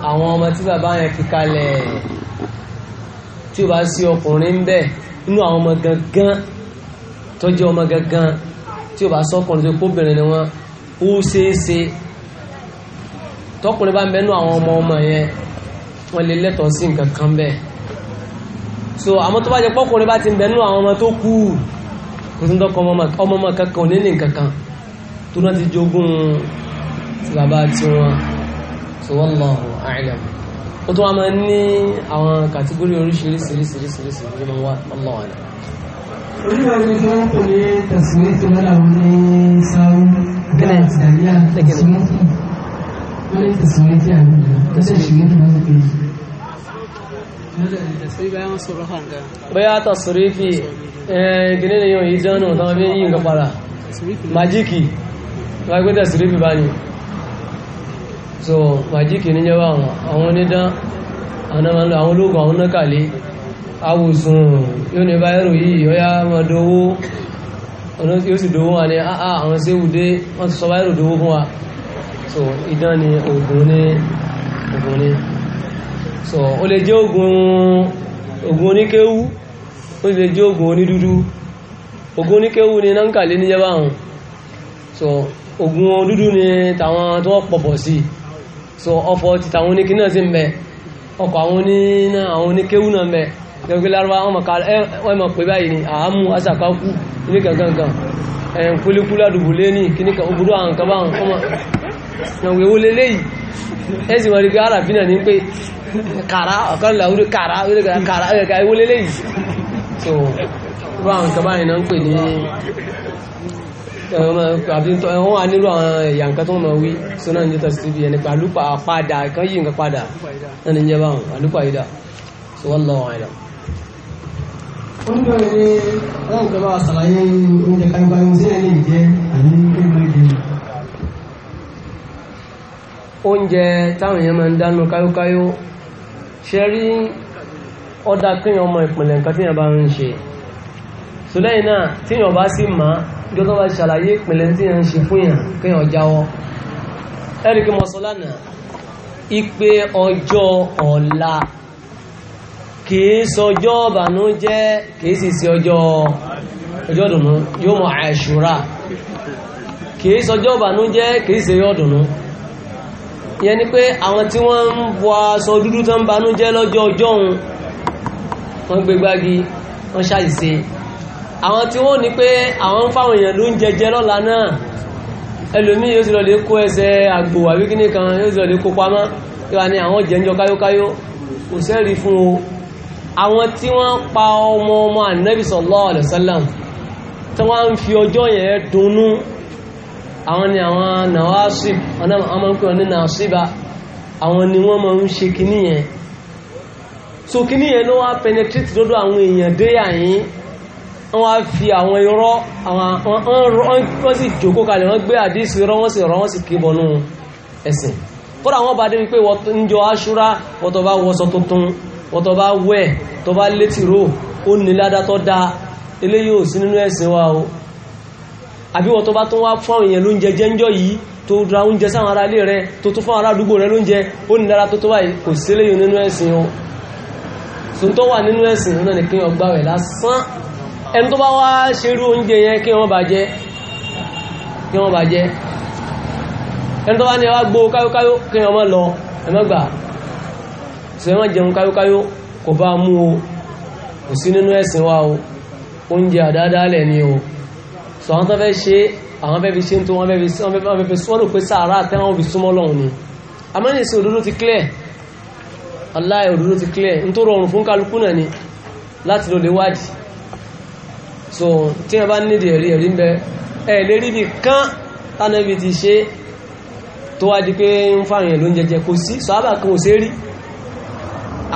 A: àwọn ọmọ tí bàbá yẹn fi ẹ̀ tí ó bá sí ọkùnrin ń bẹ inú àwọn ọmọ gangan tó jẹ́ ọmọ gangan tí ó bá sọ́kùnrin tó kóbìnrin ni wọ́n ó ṣeéṣe tọkùnrin bá ń bẹnu àwọn ọmọ ọmọ yẹn wọ́n lè lẹ́tọ̀ọ́ sí nǹkan kan bẹ́ẹ̀ so àmọ́ tó bá jẹ́ pọ́kùnrin bá ti ń bẹnu àwọn ọmọ tó kú kò tún dọ́kọ̀ ọmọ ọmọ kankan ò ní ní nǹkan kan tó náà ti jogún ti bàbá tiwọn so wallahu a'lam ó tó wá máa ń ní àwọn kàtígórí oríṣiríṣiríṣiríṣiríṣi máa ń wá lọ́wọ́ àná. oníwà ni kí wọ́n pè ní tẹ̀síwé tó lọ́la wọn ní sáwó bẹ́ẹ̀ sàríà tẹ̀síwọ́fù wọ́n ní tẹ̀síwé tí a ń lò lọ́sẹ̀ ṣùgbọ́n tó lọ́sẹ̀ kejì. bóyá tọ̀sírífì gíní ni yóò yí jọ́nù táwọn bí yí nǹkan para májíkì wọ́n á gbé tẹ̀sírífì so màjíkì ní jẹ́wọ́ àwọn àwọn onídán àwọn ológun àwọn nákàlẹ́ awòsùn yóò ní báyẹ̀rù yìí ọya máa dowó ọ̀nà yóò sì dowó wọn ni àà ah, ah, àwọn séwùdé wọ́n ti sọ báyẹ̀rù dowó fún wa so idán ni oògùn ní oògùn ní so ó lè jẹ́ oògùn oògùn oníkéwú ó lè jẹ́ oògùn onídúdú oògùn oníkéwú ni nánkàlẹ́ níjẹ́ báwọn so oògùn dúdú ni tàwọn tó wọ́n pọ̀pọ̀ sí i so ọfọ títà àwọn oníkí náà sí ń bẹ ọkọ̀ àwọn oníná àwọn oníkéwú náà ń bẹ lẹ́gbẹ́ lárúbá wọn mọ̀ pé báyìí ni àámú asàkákú ní gangan ẹ̀yìn kúlékúlé àdùbò lé ní kíníkà òbúrú àwọn kan báwọn ọmọ ìwé wọlé léyìí ẹ sì mọ̀ rí pé alábí náà ní pé kàrá ọ̀kan làwúrí kàrá kàrá ẹ̀ka ìwọlé léyìí so báwọn kan báyìí náà ń pè ní wọ́n wà nílò àwọn ẹ̀yà nǹkan tó mọ̀ wí sọ́nà ní tọ́sí síbi ẹni pàlú padà kan yìí nǹkan padà náà ní jẹ́ báwọn àlúpà ìdá tó wọ́n lọ́wọ́ àìlà. wọ́n bẹ̀rẹ̀ ní ọlọ́run tó bá wa ṣàlàyé oúnjẹ kanigba ní sílẹ̀ ní ìjẹ́ àní oúnjẹ. oúnjẹ táwọn èèyàn máa ń dáná káyókáyó ṣe rí ọ̀dà kéèyàn ọmọ ìpìlẹ̀ nǹkan téèyàn bá ń ṣe sùlẹ́yìn náà téèyàn bá sì máa gẹ́gẹ́ bá ṣàlàyé ìpìlẹ̀ tí yẹn ń ṣe fún yàn kéèyàn jáwọ́ ẹ̀ríkì mọ̀sọ́lánà ipe ọjọ́ ọ̀la kìí sọjọ́ bànújẹ́ kìí sì sí ọjọ́ ọjọ́ dùnú yóò mọ̀ àṣúra kìí sọjọ́ bànújẹ́ kìí sì yọ́ dùnú yẹn ni pé àwọn tí wọ́n ń bọ aṣọ dúdú tó ń banújẹ́ lọ́jọ́ ọjọ́ òun wọ́n gbégbági wọ́n ṣàìṣe àwọn tí wọ́n ní pé àwọn ń fáwọn èèyàn ló ń jẹjẹ lọ́la náà ẹlòmí yóò sì lọ lè kó ẹsẹ̀ àgbò àbí kíní kan yóò sì lọ lè kó pamọ́ yóò wá ní àwọn jẹ́njọ káyókáyó kò sẹ́rí fún o àwọn tí wọ́n pa ọmọ ọmọ ànábì sallallahu alaihi wasallam tí wọ́n ń fi ọjọ́ yẹn dunnú àwọn ni àwọn nawasib ọmọ ń pè wọn ní nasiba àwọn ni wọ́n máa ń ṣe kíní yẹn so kíní yẹn ló wá penetrate lọ́dọ̀ àwọn èèyàn dé àyín wọ́n á fi àwọn irọ́ wọ́n sì jòkó kalẹ̀ wọ́n gbé àdísì irọ́ wọ́n sì rọ́ wọ́n sì kébọnú ẹ̀sìn kódà wọ́n bá dé wípé níjọ aṣúra wọ́tọ̀ bá wọṣọ tuntun wọ́tọ̀ bá wẹ̀ tó bá létí ró ó ní ládá tó dá eléyìí ò sí nínú ẹ̀sìn wa o àbí wọ́tọ̀ bá tún wá fún èèyàn lóúnjẹ jẹ́ńjọ́ yìí tó ra oúnjẹ sáwọn ará ilé rẹ tó tún fún ará àdúgbò rẹ lóúnjẹ ó ní lára tó tó báyìí kò sí eléyìí nínú ẹ̀sìn o sùn tó wà nínú ẹ̀sìn náà ni kí wọ́n lásán ẹni tó bá wá ṣerú oúnjẹ yẹn kí wọ́n bà jẹ́ kí wọ́n bà jẹ́ ẹni tó bá ní ẹwà gbó káyókáyó kí wọ́n mọ́ lọ ẹmọ́gbà ṣe wọ́n jẹun káyókáyó kò bá mú o kò sí nínú ẹ̀sìn wa o oúnjẹ àdáadáalẹ̀ ni o sọ àwọn tó fẹ́ ṣe àwọn fẹ́ fi ṣe tó wọ́n fẹ́ fi sọ́nù pé sàárà tẹ́wọ́n fi súnmọ́ lọ́hùn ni amẹ́nìsí òdodo ti clear aláì òdodo ti clear nítorí ọrùn fún kálukú náà ni láti lọ lè so tí wọ́n bá nídìí ẹ̀rí ẹ̀rí ń bẹ ẹ̀ lérí bí kán tánàbí ti ṣe tó wá di pé ń fáwọn èèyàn ló ń jẹjẹ kò sí sọ́ábà kan ò sí rí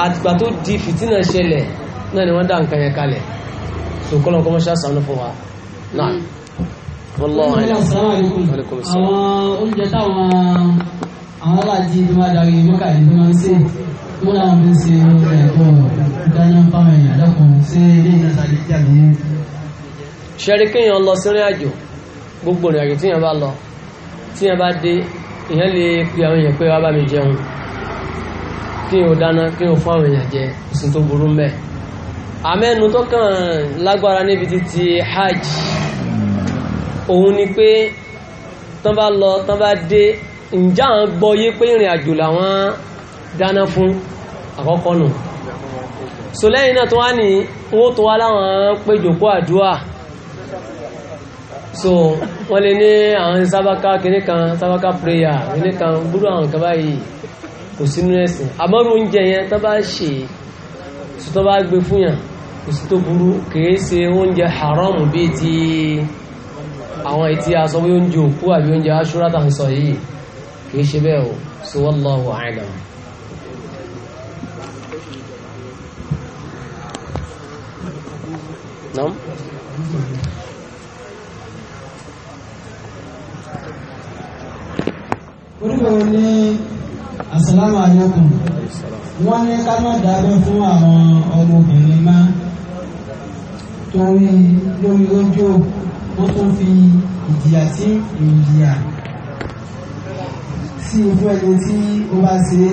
A: àtìgbà tó di fìtínà ṣẹlẹ̀ náà ni wọ́n dá nǹkan yẹn kalẹ̀ so kọ́lọ̀ kọ́mọ́ ṣáà sànú fún wa náà wallahu alaikum àwọn oúnjẹ táwọn àwọn aláàjì tó máa darí mọ́kàlì tó máa ń ṣe múra wọn fi ń ṣe ẹ̀kọ́ ìdáná fáwọn èèyàn lẹ́kùn sí ilé ìdásáyé tí àgbẹ̀yẹ ṣẹ́rí kéèyàn lọ sírìn àjò gbogbo ìrìn àjò tíyàn bá lọ tíyàn bá dé èèyàn lè pe àwọn èèyàn pé wá bá mi jẹun kéèyàn dáná kéèyàn fún àwọn èèyàn jẹ ìsìn tó burú mẹ́ àmẹ́nu tó kàn lágbára níbi títí hajj òun ni pé tán bá lọ tán bá dé ǹjẹ́ àwọn gbọ́ yé pé ìrìn làwọn dáná fún àkọ́kọ́ nù so náà tó wá ní owó tó wá láwọn péjòkó àdúrà so wọ́n lè ní àwọn sábàká kìnnì kan sábàká prayer kìnnì kan gbúrú àwọn kan báyìí kò sínú ẹ̀sìn àmọ́rú oúnjẹ yẹn tó bá ṣe tó tó bá gbé fún yàn kò sí tó burú kìí ṣe oúnjẹ haramu bíi ti àwọn etí aṣọ bí oúnjẹ òkú àbí oúnjẹ aṣúra tà ń sọ yìí kìí ṣe bẹ́ẹ̀ o so wallahu a'lam. Nam? No? oríwọ̀ ní asàlámù alaykum wọ́n ní ká má dábẹ́ fún àwọn ọmọbìnrin má torí lórí lójú wọ́n tún fi ìjìyà tí ìjìyà sí ojú ẹni tí ó bá ṣe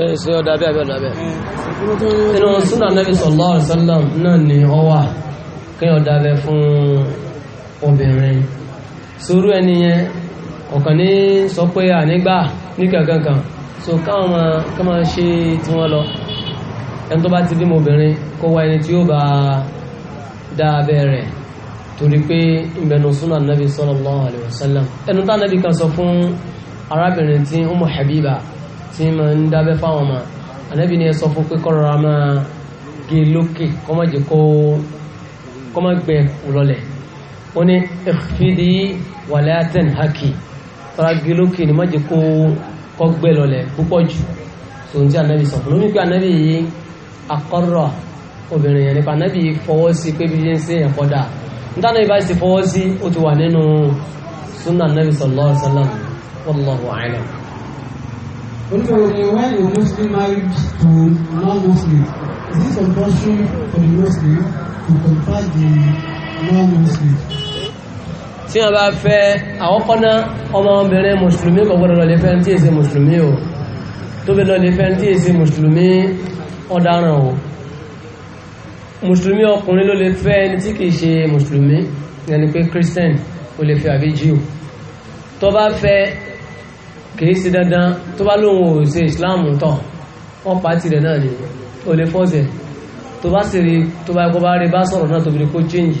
A: ní ṣe ọ̀dà bí abẹ́ ọ̀dà bẹ́ẹ̀ inú súnà Nabi sallallahu alaihi wasallam náà ni ọwà kí ọ̀dà bẹ́ fún obìnrin sórú ẹni yẹn ọ̀kan ní sọ pé ànígbà ní kankankan so káwọn máa ká máa ṣe tí wọ́n lọ ẹni tó bá ti bímọ obìnrin kó wá ẹni tí yóò bá dá rẹ̀ torí pé ìbẹ̀nu súnà nàbì sallallahu alaihi wasallam ẹnu tá nàbì kan sọ fún arábìnrin tí Ummu Habiba tí ma ń dábẹ́ fáwọn ọmọ ànábì ni ẹ sọ fún pé kọ́rọ̀ra máa gé lókè kọ́mọ̀jẹ́ kó kọ́mọ̀gbẹ́ lọlẹ̀ wọ́n ní ìfìdí haki faragilókè ni ko jẹ́ kó kọ́gbẹ́ so n jù tó ń tí anábì sọ fún mi pé anábì yìí akọ́rọ̀ obìnrin yẹn nípa anábì yìí fọwọ́ sí pé bí yẹn ń ṣe ẹ̀kọ́ dà níta náà ibà sì fọwọ́ sí ó ti wà nínú sunna onye sallallahu onye wasallam wallahu a'lam. when muslim is this compulsory for the muslim to the non-muslim. tí wọ́n bá fẹ́ àkọ́kọ́ náà ọmọbìnrin mùsùlùmí kò gbọ́dọ̀ lọ lè fẹ́ tí èsì mùsùlùmí o tó bẹ lọ lè fẹ́ tí èsì mùsùlùmí ọ̀daràn o mùsùlùmí ọkùnrin ló lè fẹ́ ẹni tí kìí ṣe mùsùlùmí ẹni pé christian ó lè fẹ́ àbí jew tó bá fẹ́ kìí ṣe dandan tó bá lóun ò ṣe islam tọ̀ wọ́n pàtì rẹ̀ náà ni ó lè fọ́ọ̀sẹ̀ tó bá sì rí tó bá kó bá rí bá sọ̀rọ̀ náà tó fi kó change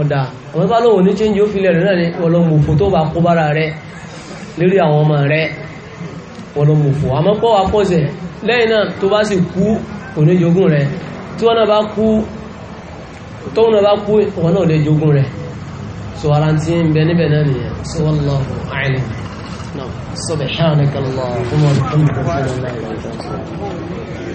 A: ọ̀dà àwọn bá lóun ní change ó filẹ̀ rẹ̀ náà ni wọ́n lọ mú òfò tó bá kó bára rẹ̀ lórí àwọn ọmọ rẹ̀ wọ́n lọ mú òfò àmọ́ pọ́ wa pọ̀sẹ̀ lẹ́yìn náà tó bá sì kú òní jogún rẹ̀ tí wọ́n náà bá kú tóun náà bá kú wọn náà lè jogún rẹ̀ so ara ti ń bẹ níbẹ̀ náà nìyẹn so wallahu a'lam subhanaka allahumma wa bihamdika